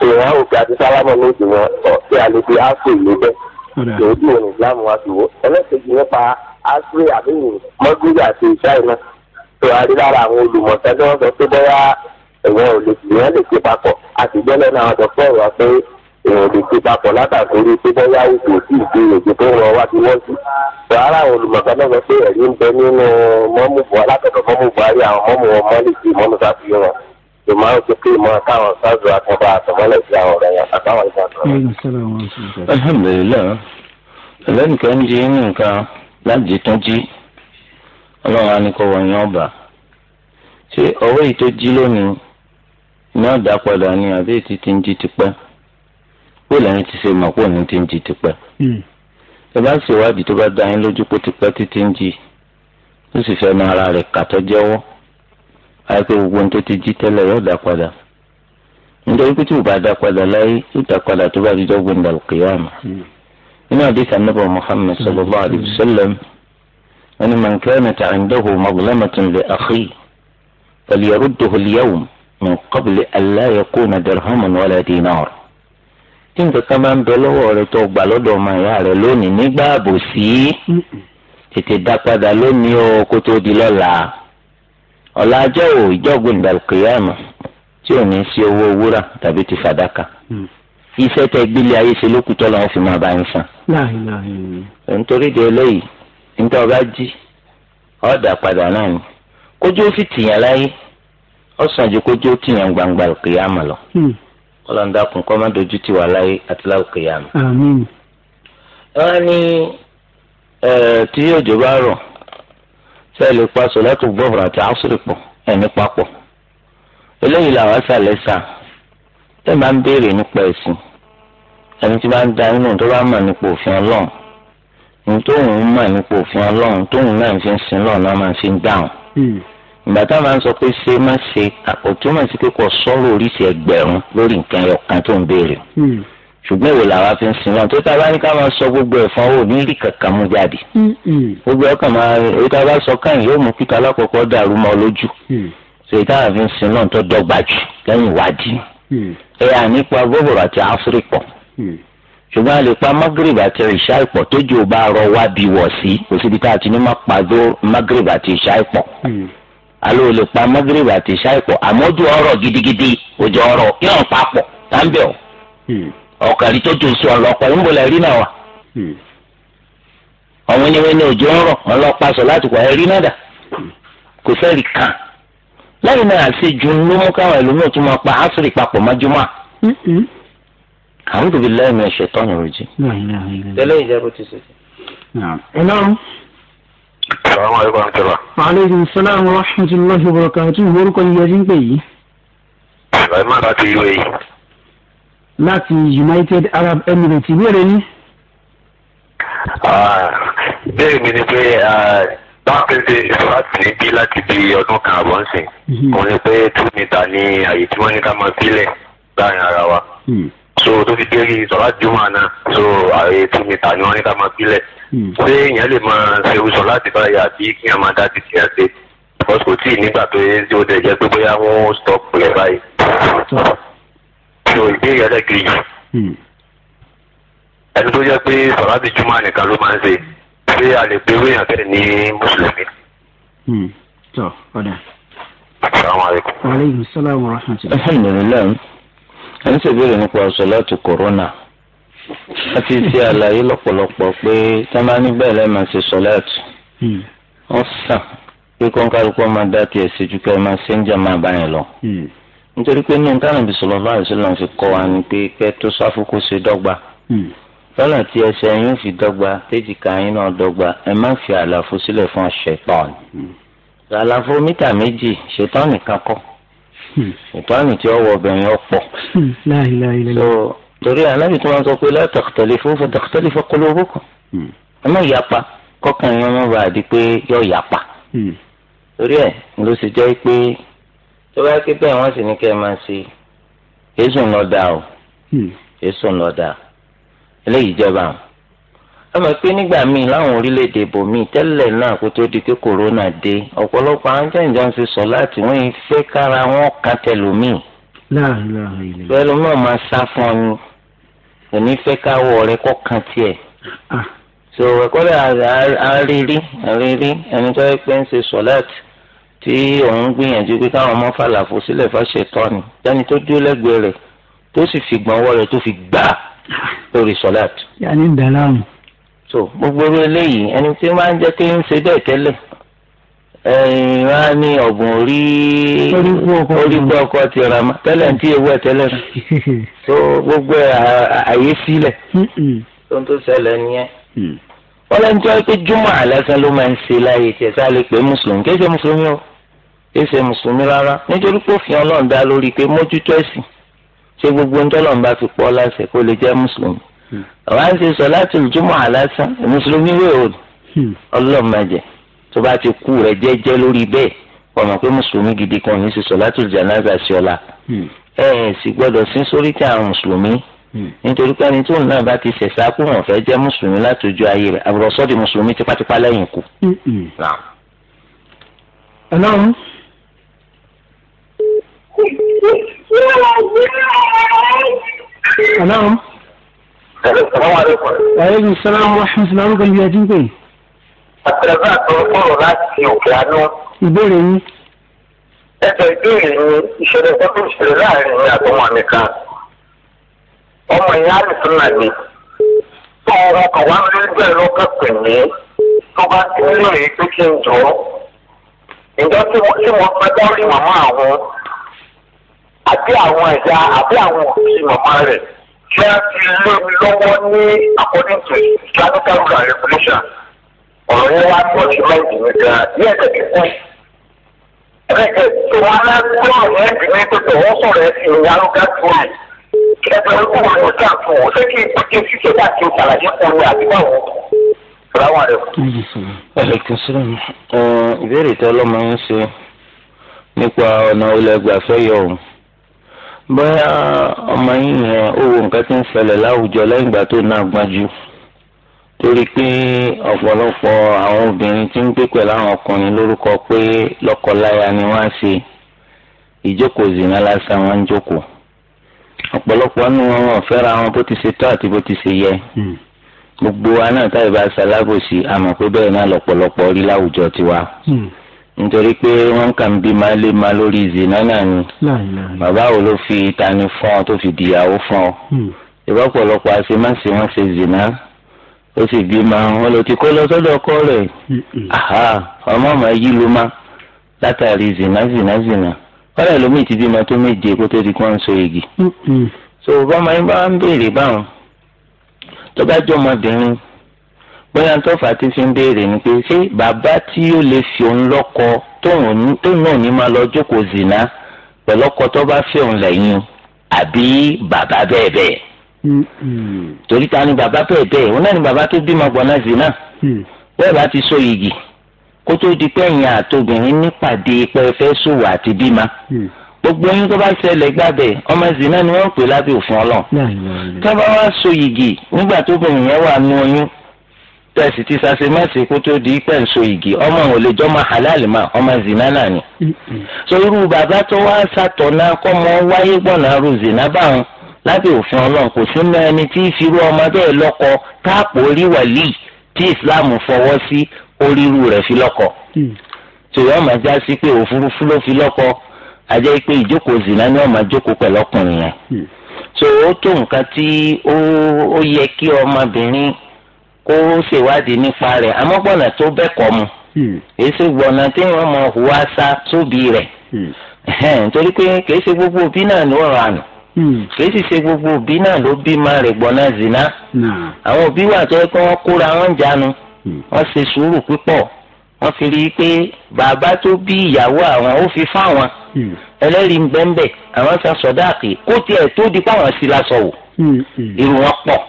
èèyàn àwọn òfin àti sálámà ní ìgbìmọ̀ ọ̀ tí a lè fi áṣù ìlú bẹ́ẹ̀ èyí tí òun ìsìlámù wa fi wọ́ ẹlẹ́sẹ̀jì nípa áṣù àbíyìn mọ́gírì àti ìṣáì náà tó a rí lára àwọn olùmọ̀ọ́sẹ́ tí wọ́n sọ pé bọ́yá èèyàn ò lè èèyàn lè ṣe papọ̀ àti gbẹ́lẹ́ náà wọ́n sọ fún ọ̀rọ̀ pé èèyàn lè ṣe papọ̀ látàkórí pé bọ́yá òkú sí ìgbéyàwó tó ń wá sí wọ́n sí domin su ma kawon ọrụ alhamdulilayi ẹlẹ́nìkan ń di nǹkan láti tán jí ọlọ́run á wọ̀nyí ọba ṣé ọwọ́ yìí tó jí lónìí ní ọ̀dà padà ni àbí ètí ti ń jí tipẹ́ lẹ́yìn ti ṣe mọ̀ pé òun ti ń jí tipẹ́ hmm. ẹ bá ṣèwádìí tó bá dá yín lójú pé tipẹ́ àìpé gbogbo ohun tó ti jí tẹ́lẹ̀ yóò dá padà nítorí pé tí o bá dá padà láyé yóò dá padà tó bá ti jọ́ gbẹ̀ndà kìyàmù nínú àdìsá nàbà Muhammad sallallahu alayhi wa sallam wọn ni man kanat indahu mazlamatun li akhi falyarudduhu al-yawm min qabli an la yakuna dirhaman wala dinar tí nǹkan kan bá ń bẹ lọ́wọ́ rẹ tó gbà lọ́dọ̀ ọmọ ìyá rẹ lónìí nígbà àbòsí tètè dá padà lónìí o kó tó di lọ́la ọ̀la ajọ́ ò ìjọ́gbìn dàlùkìyàmù tí ò ní sí owó wúrà tàbí ti fàdákà hmm. iṣẹ́ tẹ gbélé ayé ṣe lókùtọ́ làwọn fi máa bá yín san. nítorí di eléyìí níta ọba jí ọ̀dà padà náà ni kójú ó sì tìyàn láyé ó sàn ju kójú ó tìyàn gbangba lùkìyàmù lọ. Hmm. ọlọ́ndàkùn kọ́ má dojú ti wà láyé àti lálùkìyàmù. wọ́n ní tí òjò bá rọ̀ ṣé ẹ lè pa sọ̀látù bọ́ọ̀rù àti àṣírí pọ̀ ẹ̀ní papọ̀ eléyìí làwọn ṣàlẹ̀ sà ẹ máa ń béèrè nípa ẹ̀sìn ẹni tí bá ń da nínú tó bá mọ̀ nípa òfin ọlọ́run ní tóun mọ̀ nípa òfin ọlọ́run tóun náà fi ń sin lọ́run náà máa fi ń dáhùn hmm. ìgbà tá a máa ń sọ pé ṣe má ṣe àkótúmọ̀ sí pé kò sọ̀rọ̀ oríṣi ẹgbẹ̀rún lórí nǹkan ẹ̀yọ̀kan tó ń béèrè. Hmm ṣùgbọ́n èwo làwa fi ń sin lọ́n tó tá a bá ní ká máa sọ gbogbo ẹ̀fọn owó ní rí kankan mú jáde gbogbo ọkàn máa èyí tá a bá sọ káyìn yóò mú kíkà alákọ̀ọ́kọ́ dàrú mọ́ lójú ṣe mm. táwọn fi ń sin lọ́n tó dọ́gba jù lẹ́yìn ìwádìí mm. ẹ à nípa gbọ́bọ̀rọ̀ àti áfírí pọ̀ mm. ṣùgbọ́n a lè pa magreb àti ìṣá ìpọ̀ tójú ò bá rọ wá bí wọ̀ sí kò síbi tá a ti ní ọ̀kàrí tó tó sùn ọ̀lọ́pàá ń bọ̀lẹ̀ rí náà wà. àwọn hmm. oníwèé ní òjò ń rọ̀ ọlọ́pàá sọ láti wà rí náà dà hmm. kò fẹ́ rí kàn. lẹ́yìn náà àṣejù ló mú káwọn ẹlòmíràn tún máa pa áṣírí papọ̀ májúmọ́. àwọn tòbí lẹ́yìn ẹ̀ṣẹ̀ tọ́yìn rò jí. tẹ́lẹ̀ ìjẹ́bù ti ṣe. hello. salaamu aleykum wa rahmatulah. wa aleykum salaam wa rahmatulah wa barakatuh. orúkọ yìí yẹ láti United Arab Emirates ìbéèrè yín. Ah, bẹ́ẹ̀ mi ni pé bákẹ́ndé ìfúrásì ní bí láti bí ọdún kan àbọ̀ ń sìn hmm. mo ní pé two mita ní àyè tí wọ́n ní ká máa bílẹ̀ láàrin ara wa hmm. so tó fi dérí sọlá jùmọ̀ náà so àyè two mita ni wọ́n ní ká máa bílẹ̀ hmm. ṣé èèyàn lè máa ṣe irú sọlá ti báyà àbí kí wọ́n máa dá ti tiẹ̀ ṣe because kò tí ì nígbà tó yẹ tí ó dẹ̀ jẹ́ pé bóyá wọ́n stop rẹ̀ báyìí tó ìbéèrè ẹlẹ́kejì ẹni tó jẹ́ pé sọ̀rọ̀dì jùmọ̀ nìkan ló máa ń ṣe ṣé a lè pe wéyàn bẹ́ẹ̀ ní mùsùlùmí. Hmm. tọ́ ọ̀dà. asalaamualeykum. aleykum salaam wa rahmatulah. alhamdulilayi ẹni tó béèrè nípa ọ̀sọ̀ láti kòrónà a ti ṣe àlàyé lọ́pọ̀lọpọ̀ pé tamani bẹ́ẹ̀ lẹ́ẹ̀ máa ṣe sọ́láàtì wọ́n hmm. sàn pé kọ́ńkálukọ́ máa dá tiẹ̀ síjú kẹ́ máa ṣe ń jà máa báyìí lọ. Hmm nítorí pé ní nǹkan àbí sọlọ bá àṣẹ náà fi kọ́ wa ni pé kẹ́ tó sáfùkù ṣe dọ́gba hmm. lọ́nà tí ẹsẹ̀ yín fi dọ́gba tẹ́jìká yín náà dọ́gba ẹ má fi àlàfo sílẹ̀ fún ṣẹ̀tọ́n hmm. àlàfo mítà méjì ṣẹ̀tọ́n nìkan kọ́ hmm. ṣẹ̀tọ́n tí ó wọ obìnrin ọ̀pọ̀ so torí anábì tí wọ́n sọ pé la takhtalifu fa takhtalifu qulubukum ẹ má yapa kọ́kàn yín ọmọ bá a di pé yọ yapa torí ẹ̀ ló ṣe jẹ́ pé tó bá ké bẹ́ẹ̀ wọ́n sì ní kẹ́ ẹ máa ṣe èso ń lọ da o èso hmm. ń lọ da eléyìí jọba o ọmọ pé nígbà míì láwọn orílẹ̀-èdè ibòmíì tẹ́lẹ̀ náà kó tó di pé kòrónà dé ọ̀pọ̀lọpọ̀ àwọn jẹ́ǹjọ́ ń ṣe sọ láti wọ́n yìí fẹ́ kára wọn kan tẹlòmíì pẹ̀lú náà máa sá fún ọ ni kò ní fẹ́ káwọ́ rẹ kọ́ kan tiẹ̀ ah. so ẹ̀kọ́ rẹ̀ àrírí àrírí ẹni tó yẹ pé ń ṣe sọ tí òun gbìyànjú pé káwọn ọmọ fàlàfo sílẹ̀ fàṣẹ tọ́ni dání tó dúró lẹ́gbẹ̀ẹ́ rẹ̀ tó sì fi gbọ́n ọwọ́ rẹ̀ tó fi gbà lórí sọ́láàtì. yanni dàlámù. so gbogbo eléyìí ẹni tí máa ń jẹ́ pé ń ṣe bẹ́ẹ̀ tẹ́lẹ̀ ẹ̀yìn wá ní ọ̀gbun orí orí gbọ́ ọkọ ti ra ma tẹ́lẹ̀ ń tí ewu ẹ̀ tẹ́lẹ̀ rẹ̀ so gbogbo àyè sílẹ̀ tó ń tó ṣẹlẹ̀ nìyẹn mm. wọ́n lẹ́nu tí wọ́n pé júmọ̀ àlẹ́ sẹ́ ló máa ń ṣe láyé tẹ̀ sálẹ̀ pé mùsùlùmí kéde mùsùlùmí o èsè mùsùlùmí rárá nítorí pé òfin ọlọ́run dá lórí pé mójútó ẹ̀sìn ṣé gbogbo ń tọ́lọ̀ ń bá fi pọ́ láṣẹ kó lè jẹ́ mùsùlùmí. àwa ń ṣe sọ láti ìjùmọ̀ àlásán mùsùlùmí wéèrò ọlọ́run máa jẹ tó bá ti kú rẹ̀ jẹ́jẹ́ lórí bẹ́ẹ̀ wọ́n pé mùsùlùmí gidi kan ní ṣe sọ láti ìjànáza sí ọ̀la. ẹ ẹ sì gbọ́dọ̀ sí sórí tí àwọn mùsùlùmí nítorí pé ẹni tó náà bá ti ṣẹ̀ṣá kú wọn fẹ́ jẹ́ mùsùlùmí láti ojú ayé rẹ̀ àbúrò sọ́ọ̀dì mùsùlùmí tipátipá lẹ́yìn ikú. Hello. Salam. Salamu alaikum. Wa alaikum salam wa rahmatullahi wa barakatuh. Ìyá Jíǹkè. Àtẹ̀lẹ́fẹ́ àtọ̀rọ̀kọ̀rọ̀ láti òkè àná. Ìbéèrè yín. Ẹ̀sẹ̀ ìbéèrè ni ìṣẹ̀lẹ̀ ẹ̀kọ́ tó ń ṣẹlẹ̀ láàrin ìyá àtọmọ mi kan. Ọmọ ìyá àlùfẹ́ náà ni. Tọ́ ọmọ kan wá lé bẹ́ẹ̀ lọ́kàn pè mí. Tó bá ti nílò èyí pé kí n jọ. Ǹjọ́ tí mo fẹ́ dárí màmá àwọn àti àwọn ẹ̀yà àbí àwọn òbí màmá rẹ̀ tí a ti lé mi lọ́wọ́ ní according to islamic rules and regulations ọ̀rọ̀ yẹn wá tó ṣe máa ń dì mí gan yẹ ẹ̀kẹ́ ti kú ẹ̀kẹ́ tó wá lágbó ọ̀rọ̀ yẹn dì mí pé tó wọ́n sọ̀rọ̀ ẹ̀ sí ìyá arúgá tó rẹ̀ ẹgbẹ́ orúkọ wọn ló dà fún un ṣé kí n pèké ṣíṣe bá ṣàlàyé fún àti báwo. ìbéèrè tí ọlọ́mọ yín ṣe nípa ọ̀nà olẹ́gbàfẹ́ yọ̀ bóyá ọmọ yín yẹn ó wo nǹkan tí ń ṣẹlẹ̀ láwùjọ lẹ́yìn ìgbà tó náà gbájú torí pé ọ̀pọ̀lọpọ̀ àwọn obìnrin tí ń gbé pẹ̀lú àwọn ọkùnrin lórúkọ pé lọ́kọláya ni wọ́n á ṣe ìjókòó zìnà lásán wọn ń jókòó ọ̀pọ̀lọpọ̀ nínú wọn wọn fẹ́ra wọn bó ti ṣe tọ́ àti bó ti ṣe yẹ hmm. gbogbo wa náà táyì bá ṣalábòsí àmọ̀ pé bẹ́ẹ̀ náà lọ̀pọ̀lọpọ̀ rí láwùjọ tiwa. Hmm nítorí pé wọ́n kàn bí máa lé máa lórí ìzìnà náà ni bàbá wo ló fi tani fún ọ tó fi dìyàwó fún ọ hmm. ìbọ̀pọ̀lọpọ̀ àṣẹ má ṣe wọ́n ṣe zìnà ó sì bí máa wọn lọ ti kó lọ sọ́dọ̀ ọkọ rẹ̀ hmm. ọmọ ọmọ yìí ló má látàrí zìnà zìnà zìnà wọ́n lómi ti bímọ tó méje kó tó di kó ń so igi hmm. so bọ́mọ yín bá ń béèrè báwọn tó bá jọ ọmọbìnrin bóyá tó fà á ti fi ń béèrè ni pé ṣé bàbá tí ó lè fi òun lọ́kọ tóun náà ní máa lọ jókòó zìnà pẹ̀lọ́kọ tó bá fẹ́ òun lẹ́yìn àbí bàbá bẹ́ẹ̀ bẹ́ẹ̀ mm-hmm. torí ta ni bàbá bẹ́ẹ̀ bẹ́ẹ̀ òun náà ni bàbá tó bímọ gbọ́ná zìnà mm-hmm. bẹ́ẹ̀ bá ti so yìgì kó tó di pẹ́yìn àtobìnrin nípàdé pẹ́ẹ́fẹ́ sòwò àti bímọ mm-hmm. gbogbo yín tó bá ṣẹlẹ̀ gbàbẹ̀ ọmọ zìnà ni wọ́n ń pè lábẹ́ òfin ọlọ́run tó bá wá so yìgì nígbà tóbìnrin yẹn wà nú oyún tẹ̀sí ti sase mẹ́sì kó tó di igi ọmọ òun lè jọ́ máa ọmọ zina náà ni. so irú bàbá tó wá sàtọ̀nà kọ́mọ wáyé gbọ̀nà arú zina báwọn lábẹ́ òfin ọlọ́run kò sí mọ ẹni tí ìfirú ọmọ bẹ́ẹ̀ lọ́kọ táàpù orí wàlíì tí islam fọwọ́ sí orírú rẹ̀ fi lọ́kọ. ọmọ já sí pé òfurufú ló fi lọ́kọ ajẹ́ pé ìjókòó zina ni ọmọ kó ṣèwádìí nípa rẹ̀ àmọ́ gbọ́nà tó bẹ́kọ̀ mu èsì hmm. gbọ́nà tí wọ́n mọ hùwà sá tóbi rẹ̀ hmm. nítorí pé kìí ṣe gbogbo òbí náà ní ọ̀rọ̀ àná hmm. kìí sì ṣe gbogbo òbí náà ló bí rẹ̀ gbọ́nà zina àwọn òbí wà tó yẹ kí wọ́n kóra wọn jánu wọ́n ṣe sùúrù púpọ̀ wọ́n fi rí i pé bàbá tó bí ìyàwó àwọn ó fi fáwọn ẹlẹ́rìí ń bẹ́ńbẹ́ àwọn san kó tiẹ̀ tó di pàwọn sí lásọ̀wò irun wọn pọ̀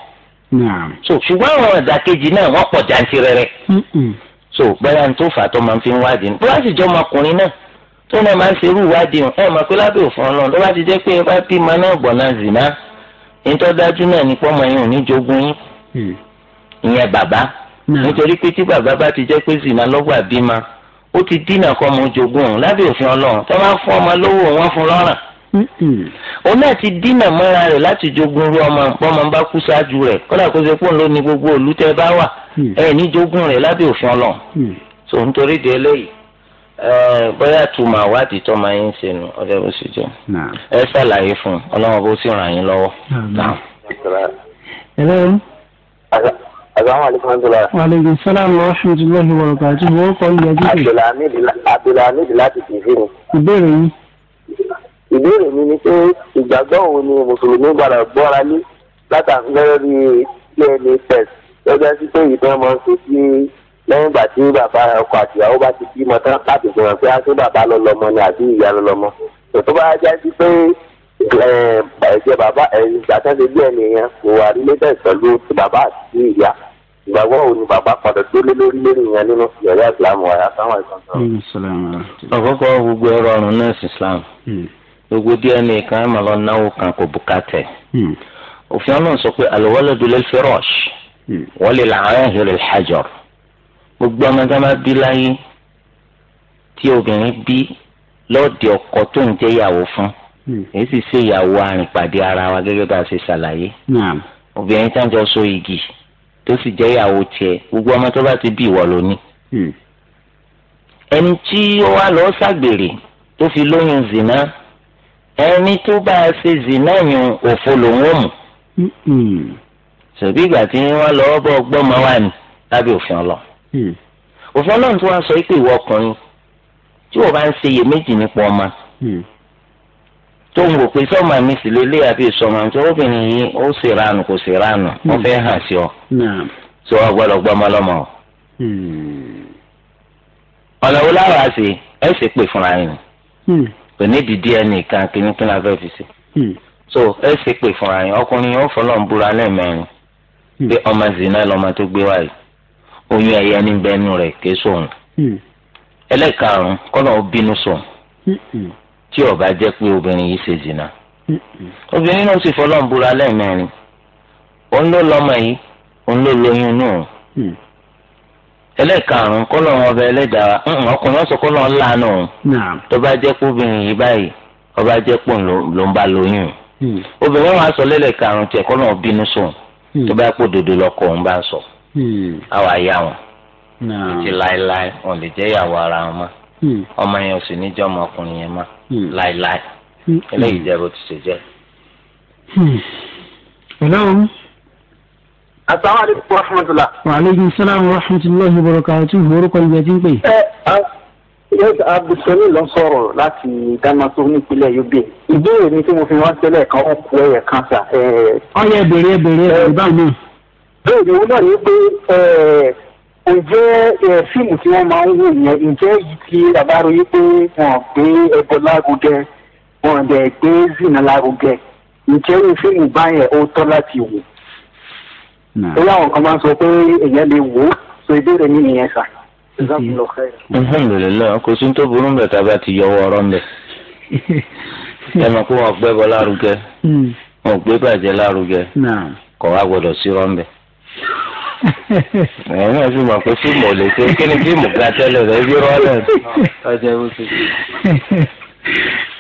so ṣùgbọ́n àwọn ọ̀dàkejì náà wọ́n pọ̀ jantirẹrẹ so bẹ́ẹ̀ ni tó fà tó máa fi ń wádìí ní bóyá ìjọ ọmọkùnrin náà tó náà máa ń ṣerú ìwádìí hàn ẹ̀ mọ̀ pé lábẹ́ òfin ọlọ́run tó bá ti jẹ́ pé ẹ bá bímọ náà gbọ̀nà zìnà nítọ́ dájú náà ní pọ́nmọ yín ò ní jogún yín mm. ìyẹn bàbá nítorí pé tí bàbá bá ti jẹ́ pé zìnà lọ́gbà bímọ ó ti dínà kọ́ mọ jogún òun lábẹ́ òfin ọlọ́run tó bá fún ọmọ lówó wọn fún lọ́ràn òun náà ti dínà mọ́ra rẹ̀ láti jogun ru ọmọ nǹkan ọmọ bá kú ṣáájú rẹ̀ kọ́dà kó ṣe pé òun ló ní gbogbo òlú tẹ́ bá wà mm. ẹ̀ ní jogun rẹ̀ lábẹ́ òfin ọlọ́run tó mm. ń torí di eléyìí bóyá tùmọ̀ àwádìí tó máa ń ṣe nù ọjọ́ bó ṣe jẹ́ ẹ ṣàlàyé fún ọlọ́run bó sì ràn yín lọ́wọ́. ẹ̀rọ. asalaamualeykum abdullahi. waaleykum salaam wa rahmatulahi wa barakatuhu. wọ́n kọ́ ìyá abdulhamid láti tv ni. ìbéèrè yìí ìbéèrè mi ni pé ìgbàgbọ́ wo ni mùsùlùmí gbọ́dọ̀ gbọ́ra lé látàrí lórí dna test lọ́jọ́ sí pé ìfẹ́ mọ́ ṣe sí lẹ́yìn ìgbà tí bàbá ọkọ àti ìyàwó bá ti bímọ tán láti fi hàn pé á sí bàbá lọ́lọ́mọ ni àbí ìyá lọ́lọ́mọ tó bá já sí pé ẹ̀jẹ̀ bàbá ìgbàsẹ́sẹ̀ bí ẹni yẹn kò wà nílé bẹ́ẹ̀ pẹ̀lú ti bàbá àti ìyá ìgbàgbọ́ wo ni bàbá padà dólé lórí lórí yẹn nínú ìyàrá ìsìlámù ọ̀yà táwọn ìkànnì. àkọ́kọ́ gbogbo ẹ̀rọ ọ̀run náà sí islam. Hmm gbogbo dna kan ẹ̀ máa lọ náwó kan kò bùkátẹ̀. Hmm. òfin ọlọ́run sọ pé al-waladu lil-firash hmm. wa lil-'ahir al-hajar gbogbo ọmọ tó máa bí láyé tí obìnrin bí lọ́ọ̀dì ọkọ tó ń jẹ́ ìyàwó fún èyí hmm. sì ṣe ìyàwó àrìnpàdé ara wa gẹ́gẹ́ bá a ṣe ṣàlàyé obìnrin tá à jọ so igi tó sì jẹ́ ìyàwó tiẹ̀ gbogbo ọmọ tó bá ti bí ìwọ lóní. ẹni tí ó wá lọ ṣàgbèrè tó fi lóyún zina ẹni tó bá a ṣe zinayun òfo lòun ò mú. ṣèbí ìgbà tí wọ́n lọ́wọ́ bọ́ gbọ́mọ wa ni lábẹ́ òfin ọlọ́. Mm. òfin ọlọ́run tó wá sọ pé ìwọ ọkùnrin tí wọ́n bá ń ṣe iyèméjì nípa ọmọ mm. tó ń wò pé sọ́mà mi sì lélẹ́ àbí sọ́mà tó obìnrin yìí ó sì ranù kò sì ranù wọ́n fẹ́ hàn sí ọ. sọ wọ́n gbọ́dọ̀ gbọ́mọ o. Mm. ọ̀nà wo lára ṣe ẹ̀ ṣe pè fúnra yín. pè ní ìdìdí ẹnìkan kìíní kí la hmm. so ẹ ṣe pè fúnra yín ọkùnrin yóò fọlọ́ ń búra lẹ́ẹ̀mẹrin hmm. pé ọmọ zina lọmọ tó gbé wáyé oyún ẹyẹ ní bẹ́ẹ̀nu rẹ̀ ké sóhun. Hmm. ẹlẹ́karùn-ún kọ́nà ó bínú sọ tí ọba jẹ́ pé obìnrin yìí ṣe zina. obìnrin náà sì fọlọ́ búra lẹ́ẹ̀mẹrin òun ló lọ́mọ yìí òun ló lóyún náà ẹlẹ́ẹ̀karùn-ún kọ́lọ̀ wọn ẹlẹ́dàá ọkùnrin ọ̀sọ̀ kọ́lọ̀ ńlá náà tó bá jẹ́ kó obìnrin yìí báyìí ọba jẹ́ pọ̀ ló ń bá lóyún hmm. obìnrin wọn aṣọ lẹ́lẹ́ẹ̀karùn-ún tiẹ̀ kọ́lọ̀ bínú sùn hmm. tó bá pọ̀ dòdò lọ́kọ̀ ń bá ń sọ àwọn hmm. àyà wọn ti láéláé wọn lè jẹ́ ìyàwó ara wọn mọ́ ọmọ yẹn sì ní jọmọ ọkùnrin yẹn mọ́ láéláé jẹ́ bó ti ṣe jẹ́. asalaamualeykum wa rahmatulah. wa aleykum salaam wa rahmatulahi wa barakatu orúkọ ìgbà tí ń pè. ẹ ẹ abdulsani ló ń sọ̀rọ̀ láti damaso nípínlẹ̀ Yobe ìbéèrè mi tí mo fi wá tẹ́lẹ̀ kan ó kú ẹyẹ kan sà. ọyẹ bèrè bèrè ẹ bá mi. béèrè wọn náà ni pé ǹjẹ́ fíìmù tí wọ́n máa ń wò yẹn ǹjẹ́ yìí ti àbárò yìí pé wọ́n gbé ẹbọ lárugẹ wọ́n dẹ̀ gbé zina lárugẹ ǹjẹ́ irú fíìmù báyẹn ó tọ́ láti wò bóyá àwọn kan máa ń sọ pé èèyàn lè wò ó so ìbéèrè mi nìyẹn sà. alhamdulilayi kò sí tó burú bẹ̀ tá a bá ti yọwọ́ ọ̀rọ̀ ń bẹ̀ ẹ mọ̀ pé wọn gbé bọ́ lárugẹ hmm. wọn gbé bàjẹ́ lárugẹ kọ̀ wá gbọ́dọ̀ sí rọ́ńbẹ́ ẹ náà sì mọ̀ pé fíìmù ò lè ṣe kí ni fíìmù ga tẹ́lẹ̀ rẹ̀ bí rọ́lẹ̀ ọjọ́ ìwé ṣe.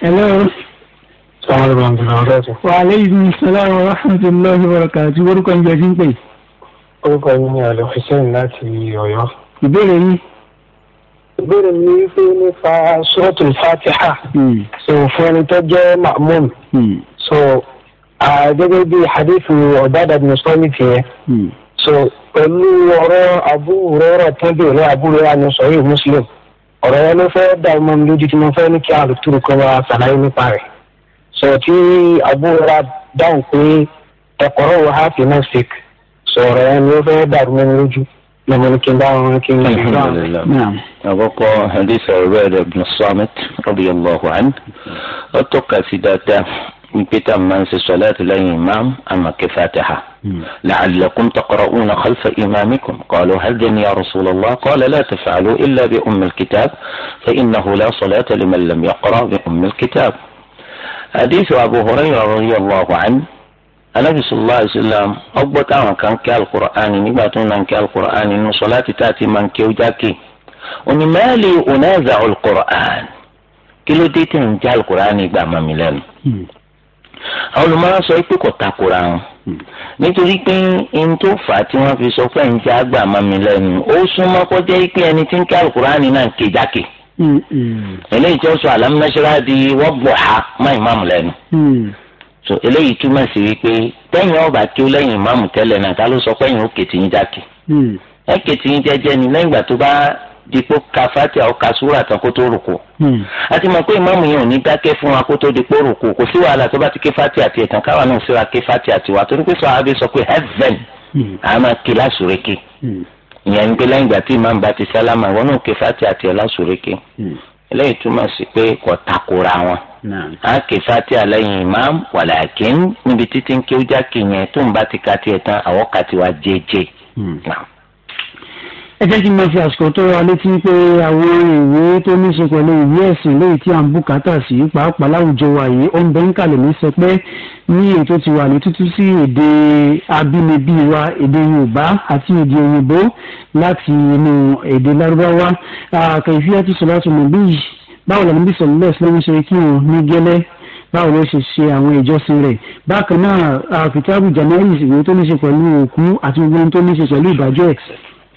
hello. sàmúlò bàǹkì náà ọ̀rẹ́ ẹ̀sìn orúkọ mi ni àlọ́ hussein láti ọ̀yọ́. ìbéèrè yín. ìbéèrè mi ni pé nípa suratul fatiha. Hmm. so fún ẹni tó jẹ́ ma'mum. Hmm. so gẹ́gẹ́ bí hadith ọ̀dàdà ní sọ́ọ̀mì tiẹ̀. so pẹ̀lú ọ̀rọ̀ àbúrò tẹ́lẹ̀ ní àbúrò àná sọ̀rọ̀ muslim ọ̀rọ̀ yẹn ló fẹ́ dá ọmọ mi lójú tí mo fẹ́ ní kí àlùtúrù kan wá ṣàlàyé nípa rẹ̀ sọ̀rọ̀ tí àbúrò dáhùn pé ẹ̀kọ́rọ̀ wà á fi náà ṣèkì. الصوريان يعني، وفي دار من رجل لملك ولكن الحمد لله نعم وقع حديث عبادة بن الصامت رضي الله عنه أتوقع في ذاته كتاب من في صلاة الإمام أما كفاتحة لعلكم تقرؤون خلف إمامكم قالوا هل يا رسول الله قال لا تفعلوا إلا بأم الكتاب فإنه لا صلاة لمن لم يقرأ بأم الكتاب حديث أبو هريرة رضي الله عنه anabi sallallahu alayhi wa sallam ọgbọ́ táwọn kan kí alukur'ani nígbà tó ń na kí alukur'ani nù sọlá ti tá a ti máa ń kí ó jákè onímọ̀ẹ́lì onáza alukur'ani kí ló dé tí ń já alukur'ani gbà má mi lẹ́nu. Hmm. àwọn olùmọ̀ràn sọ pé kò takora wọn hmm. nítorí pé n tó fà á tí wọ́n fi sọ pé ń já gbà má lẹ́nu ó súnmọ́ kọjá pé ẹni tí ń kí alukur'ani náà ké jákè hmm. eléyìí tí ó sọ so eléyìí túmọ̀ sí wípé tẹ́yìn ọba kí ó lẹ́yìn ìmáàmù tẹ́lẹ̀ náà ta ló sọ pé ẹ̀yìn ó kètì yín jákè hmm. ẹ̀ kètì yín jẹ́jẹ́ ni lẹ́yìn ìgbà tó bá dipo ka fati àwọn ka sura tán kó tó rùkù. Hmm. a ti mọ̀ pé ìmáàmù yẹn ò ní dákẹ́ fún wa kó tó dipo rùkù kò sí wàhálà tó bá ti ké fati àti ẹ̀tàn káwa náà sí wa ké fati àti wa torí pé sọ abẹ sọ pé heaven hmm. a máa ké lásùrẹ́kẹ́ ìyẹn ń gbé lẹ́yìn ìgbà tí ìmáàmù bá ti sálámà wọn náà ké eléyìí túmọ̀ sí pé kò takora wọn. a kì fati alẹ́yìn imam wàlàkín níbi títí ń kí ó jákè yẹn tó ń bá ti ka tiẹ̀ tán àwọn kàtiwá jẹ́jẹ́. Hmm ẹ jẹ́ kí n máa fi àsìkò tó wa létí pé àwọn ìwé tó ní ṣe pẹ̀lú ìwé ẹ̀sìn léyìí tí à ń bùkátà sí pàápàá láwùjọ wa yìí ó ń bẹ́ ń kàlẹ̀ ní sọ pé ní ètò ti wà ní tútù sí èdè abínibí wa èdè yorùbá àti èdè òyìnbó láti inú èdè lárúbáwá kẹ̀yìfíyàtú sọ̀láṣọ mọ̀bí yìí báwo làwọn bí sọ̀lọ́lẹ̀ sílẹ̀ ń ṣe kí wọn ní gẹ́lẹ́ báwo ló ṣe ṣe àwọn ìjọsìn rẹ̀ bákan náà kìtàbù jamaris ìwé tó ní ṣe pẹ̀lú òkú àti gbogbo ohun tó ní ṣe pẹ̀lú ìbàjẹ́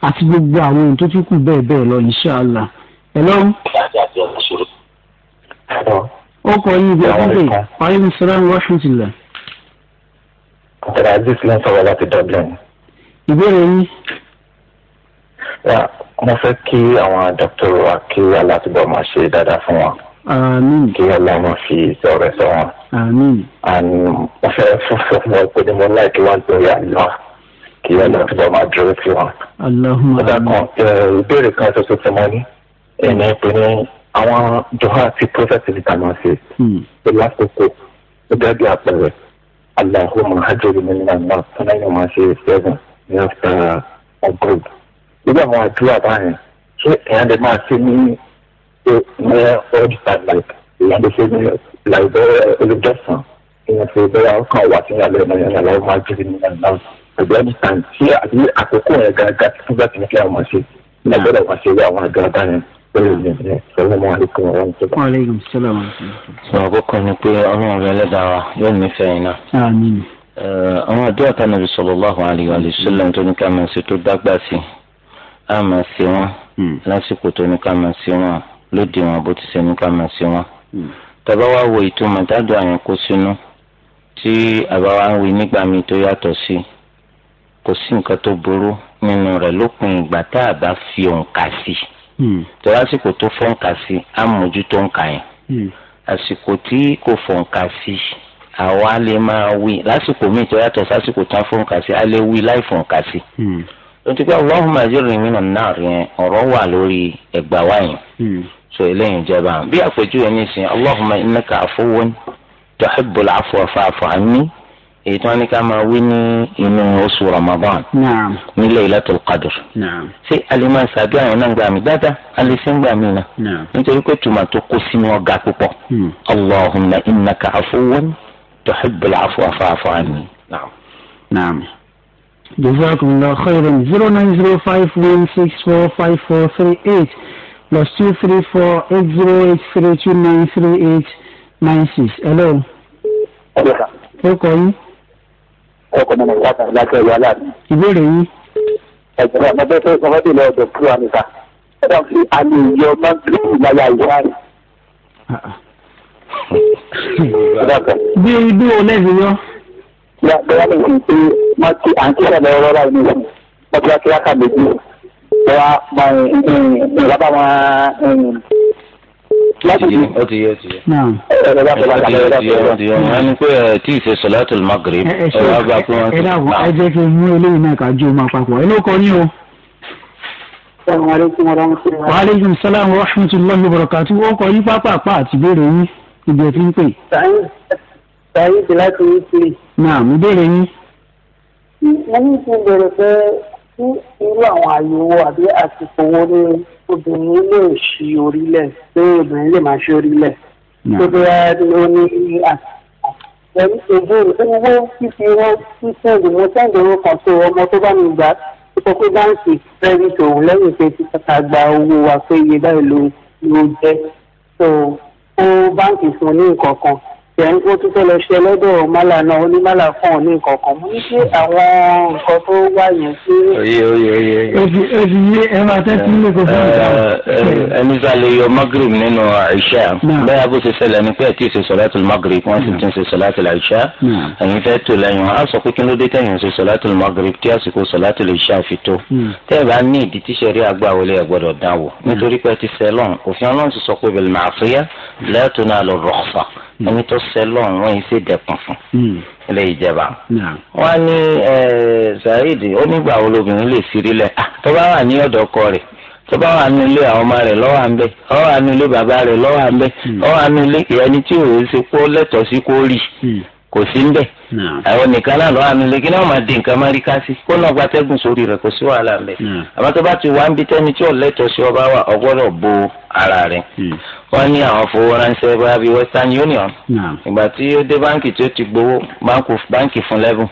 àti gbogbo àwọn ohun tó tún kù bẹ́ẹ̀ bẹ́ẹ̀ lọ inṣàlá. hello. ó kọ yín ibi ọdún dé parí sàlámù washington. abdulaziz ló ń sọ̀rọ̀ láti dublin. ìbéèrè yín. mo fẹ́ kí àwọn dókítà wa kí alátìbọ̀ máa ṣe dáadáa fún wọn. Àmín. kí ọlọ́run fi sọ̀rọ̀ sọ wọn. Àmín. and mo fẹ́ fún fún wọn pé mo láìkí wọn torí àlọ́ kí ọlọ́run tó máa dúró sí wọn. ọ̀dà kan ìbéèrè kan ṣoṣo tí mo ní ẹ̀mí pé ní àwọn jọ̀há àti prọfẹ̀tì níta máa ṣe hmm. pé lásìkò gẹ́gẹ́ bí àpẹẹrẹ aláhùnmọ̀ àjọyọ̀ nínú náà fúnra yóò máa ṣe seven ní ọ̀sẹ̀ ọgọ́rùn. nígbà àwọn àdúrà báyẹn ṣé èèyàn lè máa ṣe ní ní old time like èèyàn lè ṣe ní làìbẹ̀rẹ̀ olùjọ́sàn èèyàn ṣe bẹ́ẹ̀ ọkàn wà sí ìyàlẹ́ ìmọ̀ ìyàlẹ́ ọmọ àjọyọ̀ nínú náà ẹgbẹ́ distance ṣé àti àkókò yẹn gángan tí wọ́n bá ti ní kí a mọ̀ ṣe ní agbọ́dọ̀ wá ṣe àwọn àgbàlagbà yẹn pẹ̀lú ìgbìyànjú sọlọ́mọ àlékún ọ̀rọ̀ ń tẹ́lẹ̀. wàlẹ́kùn sọlá wa. sọ àkókò ni pé ọlọ́run rẹ lẹ́dàá wa yóò nífẹ̀ẹ́ yín náà. àmín. àwọn àdúrà tá nàbì sallallahu alaihi wa sallam tó ní ká máa ṣe tó dágbà sí á máa ṣe wọn hmm. lásìkò tó ní ká máa ṣe wọn lóde wọn bó ti ṣe ní ká máa ṣe wọn. Hmm. tàbá wa wo ìtumọ̀ dáadọ́ àyànkó sínú tí àbáwá ń wí nígbà míì tó yàtọ̀ sí i kò sí nǹkan tó burú nínú rẹ̀ lópin ìgbà tá a bá fi òǹkà sí i hmm. tó lásìkò tó fọ́ǹkà sí i á mójútó òǹkà yẹn hmm. àsìkò tí kò fọ́ǹkà sí i àwa lè máa wí lásìkò míì tó yàtọ̀ sásìkò tán fọ́ǹkà sí i á lè wí láì fọ́ǹkà sí hmm. i lọ́tí pé Allahumma ajirni minan nar yẹn ọ̀rọ̀ wà lórí ẹgbàá wa yẹn eléyìí jẹba bí àpèjúwe ní sìn Allahumma innaka afuwwun tuhibbul èyí tí wọ́n ní ká máa wí ní inú oṣù Ramadan ní Laylatul Qadr ṣé alimọ̀ ṣàbí àwọn náà gbà mí dáadáa alẹ́sẹ̀ ń gbà mí náà nítorí pé tùmọ̀ tó kó sínú ọ̀gá púpọ̀ hmm. Allahumma innaka afuwun tuhibbul afwa fa'fu anni. jazakumullahu khairan zero nine zero five one six four five four three eight plus two three four eight zero eight three two nine three eight nine six hello. ó kọ yín ọkọ̀ mọ̀mọ́ ìwádà lájọ́ ìyá aláàbí. ìbéèrè yín. ẹ̀jẹ̀ ọmọdé tó sọ fọ́dé lọ ọ̀dọ̀ fún wa nìkan ẹ̀dá fi àmì ìyọ máa ń tún ìlàyà ìyá rẹ̀. bí bí o lẹ́sìn yọ. ìyá bẹ́ẹ̀ ló ń pe máa ti à ń kí ẹ̀rọ ọ̀rọ̀ rà ní ìlú wọ́n ti wá kí wákà méjì wọ́n máa ń rábà máa ń ó ti yé ó ti yé. ó ti yé ẹni pé ẹ tí ì ṣe sọláàtì magrib ẹ wá gba pé wọn ti. ẹ dàbọ̀ ẹ jẹ́ kí n mú eléyìí náà ká jó máa papọ̀ ẹ ló kọ́ ní o. yín mo ní kí n bẹ̀rẹ̀ pé sí irú àwọn àyẹ̀wò àbí àsìkò wo ni obìnrin lè ṣí orílẹ̀ pé obìnrin lè máa ṣí orílẹ̀ tó bẹ́ẹ̀ ló ní àsìkò ẹ̀rí èdè owó fífi wọn fífi ìgbìmọ̀ sẹ́ǹdì owó kan tó ọmọ tó bá mi gbà ó sọ pé báńkì fẹ́rìtì òun lẹ́yìn pé ti kàkà gba owó wa pé iye báyìí ló ló jẹ́ so ó báńkì fún ní nǹkan kan ẹ̀ ó tún fẹ́ lọ ṣe lọ́dọ̀ mọ́là náà onímọ́là fún òní kankan mo ní pé àwọn nǹkan tó wà yẹn sí. oye oye oye. ebi ebi yé ẹ máa tẹ́tí ní kò fún ìjà. Eh, eh, eh, ẹni sálẹ̀ yọ magrib nínú àìṣá bẹ́ẹ̀ abó ṣe ṣẹlẹ̀ ni pé ẹ̀ tí ì ṣe sọ̀láàtì magrib wọ́n sì ti ń ṣe sọ̀láàtì àìṣá ẹ̀yin fẹ́ tó lẹ́yìn wọn á sọ pé kí ló dé tẹ̀yìn ṣe sọ̀láàtì magrib tí àsìkò Hmm. ẹni tó ṣẹ lọ́run wọ́n yìí ṣèdẹ̀kùn fún hmm. ilé ìjẹba. Hmm. wọ́n ní Saheed ó nígbà wo lobìnrin lè fi rí lẹ̀ ah, tó bá wà ní ọ̀dọ̀ ọkọ rẹ̀ tó bá wà nínú ilé àwọn ọmọ rẹ̀ lọ́wọ́ à ń bẹ̀ ó wà nínú ilé bàbá rẹ̀ lọ́wọ́ à ń bẹ̀ ó wà nínú ilé ẹni tí òun ṣe kó lẹ́tọ̀ọ́ sí kó rí kò sí ń bẹ̀ àwọn nìkan náà lọ́wọ́ àmì lẹ́gí náà máa di nǹkan máa rí ká sí kó náà gbàtẹ́gùn sórí rẹ̀ kò sí wàhálà ń bẹ̀ àmọ́ tó bá ti wá ń bí tẹ́ni tí ò lẹ́tọ̀ọ́ sí ọba wa ọgbọ́dọ̀ bo ara rẹ̀ wọ́n ní àwọn fowó ránṣẹ́ bá bíi western union ìgbà tí ó dé báǹkì tí ó ti gbowó báǹkì fún lẹ́bùn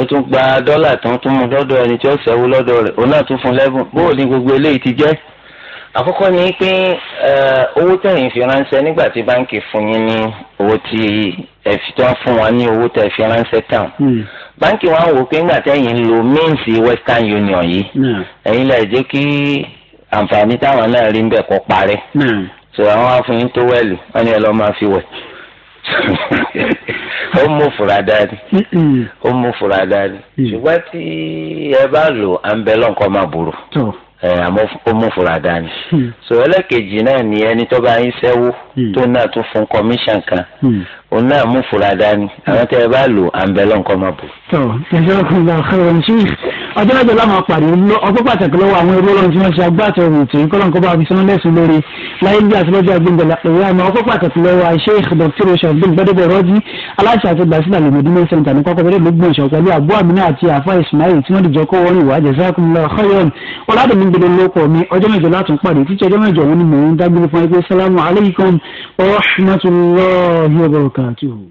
ó tún gba dọ́là tó ń tún mu lọ́dọ̀ ẹni tí ó ṣẹ́wó lọ́dọ̀ rẹ̀ òun náà tún fún lẹ́bùn bóò ni gbogbo eléyìí ti jẹ́ àkọ́kọ́ ni pé owó tẹ̀yìn fi ránṣẹ́ nígbà tí báǹkì fún yín ní owó tí ẹ̀fí tó ń fún wọn ní owó tẹ̀ fi ránṣẹ́ tán hmm. báǹkì wọn wò pé nígbà tẹ̀yìn western union yìí ẹ̀yin lè jẹ́ kí àǹfààní táwọn náà rí ń bẹ̀ kó parẹ́ so àwọn afọyín tó wẹ̀lì wọn ni ẹ lọ́ọ́ máa fi wẹ̀ ó mú fura dání ó mú fura dání ṣùgbọ́n tí ẹ bá lò à ń máa burú àmọ́ ó mú fura dání hmm. so ẹlẹ́kejì náà ni ẹni tó bá yín sẹ́wó hmm. tó náà tún fún kọmíṣàn kan hmm òun náà mú fura dání àwọn ah. tẹ ẹ bá lò à ń bẹ lọ́nkọ́ máa bò. tó ṣẹṣẹ ọkùnrin náà ọkọ ìròyìn sí ọjọ́ ọjọ́ láwọn apàdé ọgbọ́ pàtàkì lọ́wọ́ àwọn eré ọlọ́run tí wọ́n ṣe agbátẹrù tí ń kọ́lọ́nkọ́ bá fi sọ́nà lẹ́sìn lórí láyé bí àtúlọ́jọ́ agbègbè làpẹ̀rẹ́ àmọ́ ọgbọ́ pàtàkì lọ́wọ́ Sheikh Dr. Shafdin Gbadebo Rọ́jí aláṣẹ àti gbàsílà lè mọ̀dí mẹ́sẹ̀ níta ní kọ́kọ́bẹ́rẹ́ lógún ìṣọ̀ pẹ̀lú àbú àmínà àti àfa Ismail tí wọ́n dìjọ kó wọ́n ìwà jazakumullahu khairan ọ̀làdùnmí gbẹdẹ lóko mi ọjọ́ mẹ́jọ látún pàdé títí ọjọ́ mẹ́jọ wọn ni mò ń dágbére fún ẹgbẹ́ sálámù alaykum wa rahmatullahi wa barakatuh. हाँ जी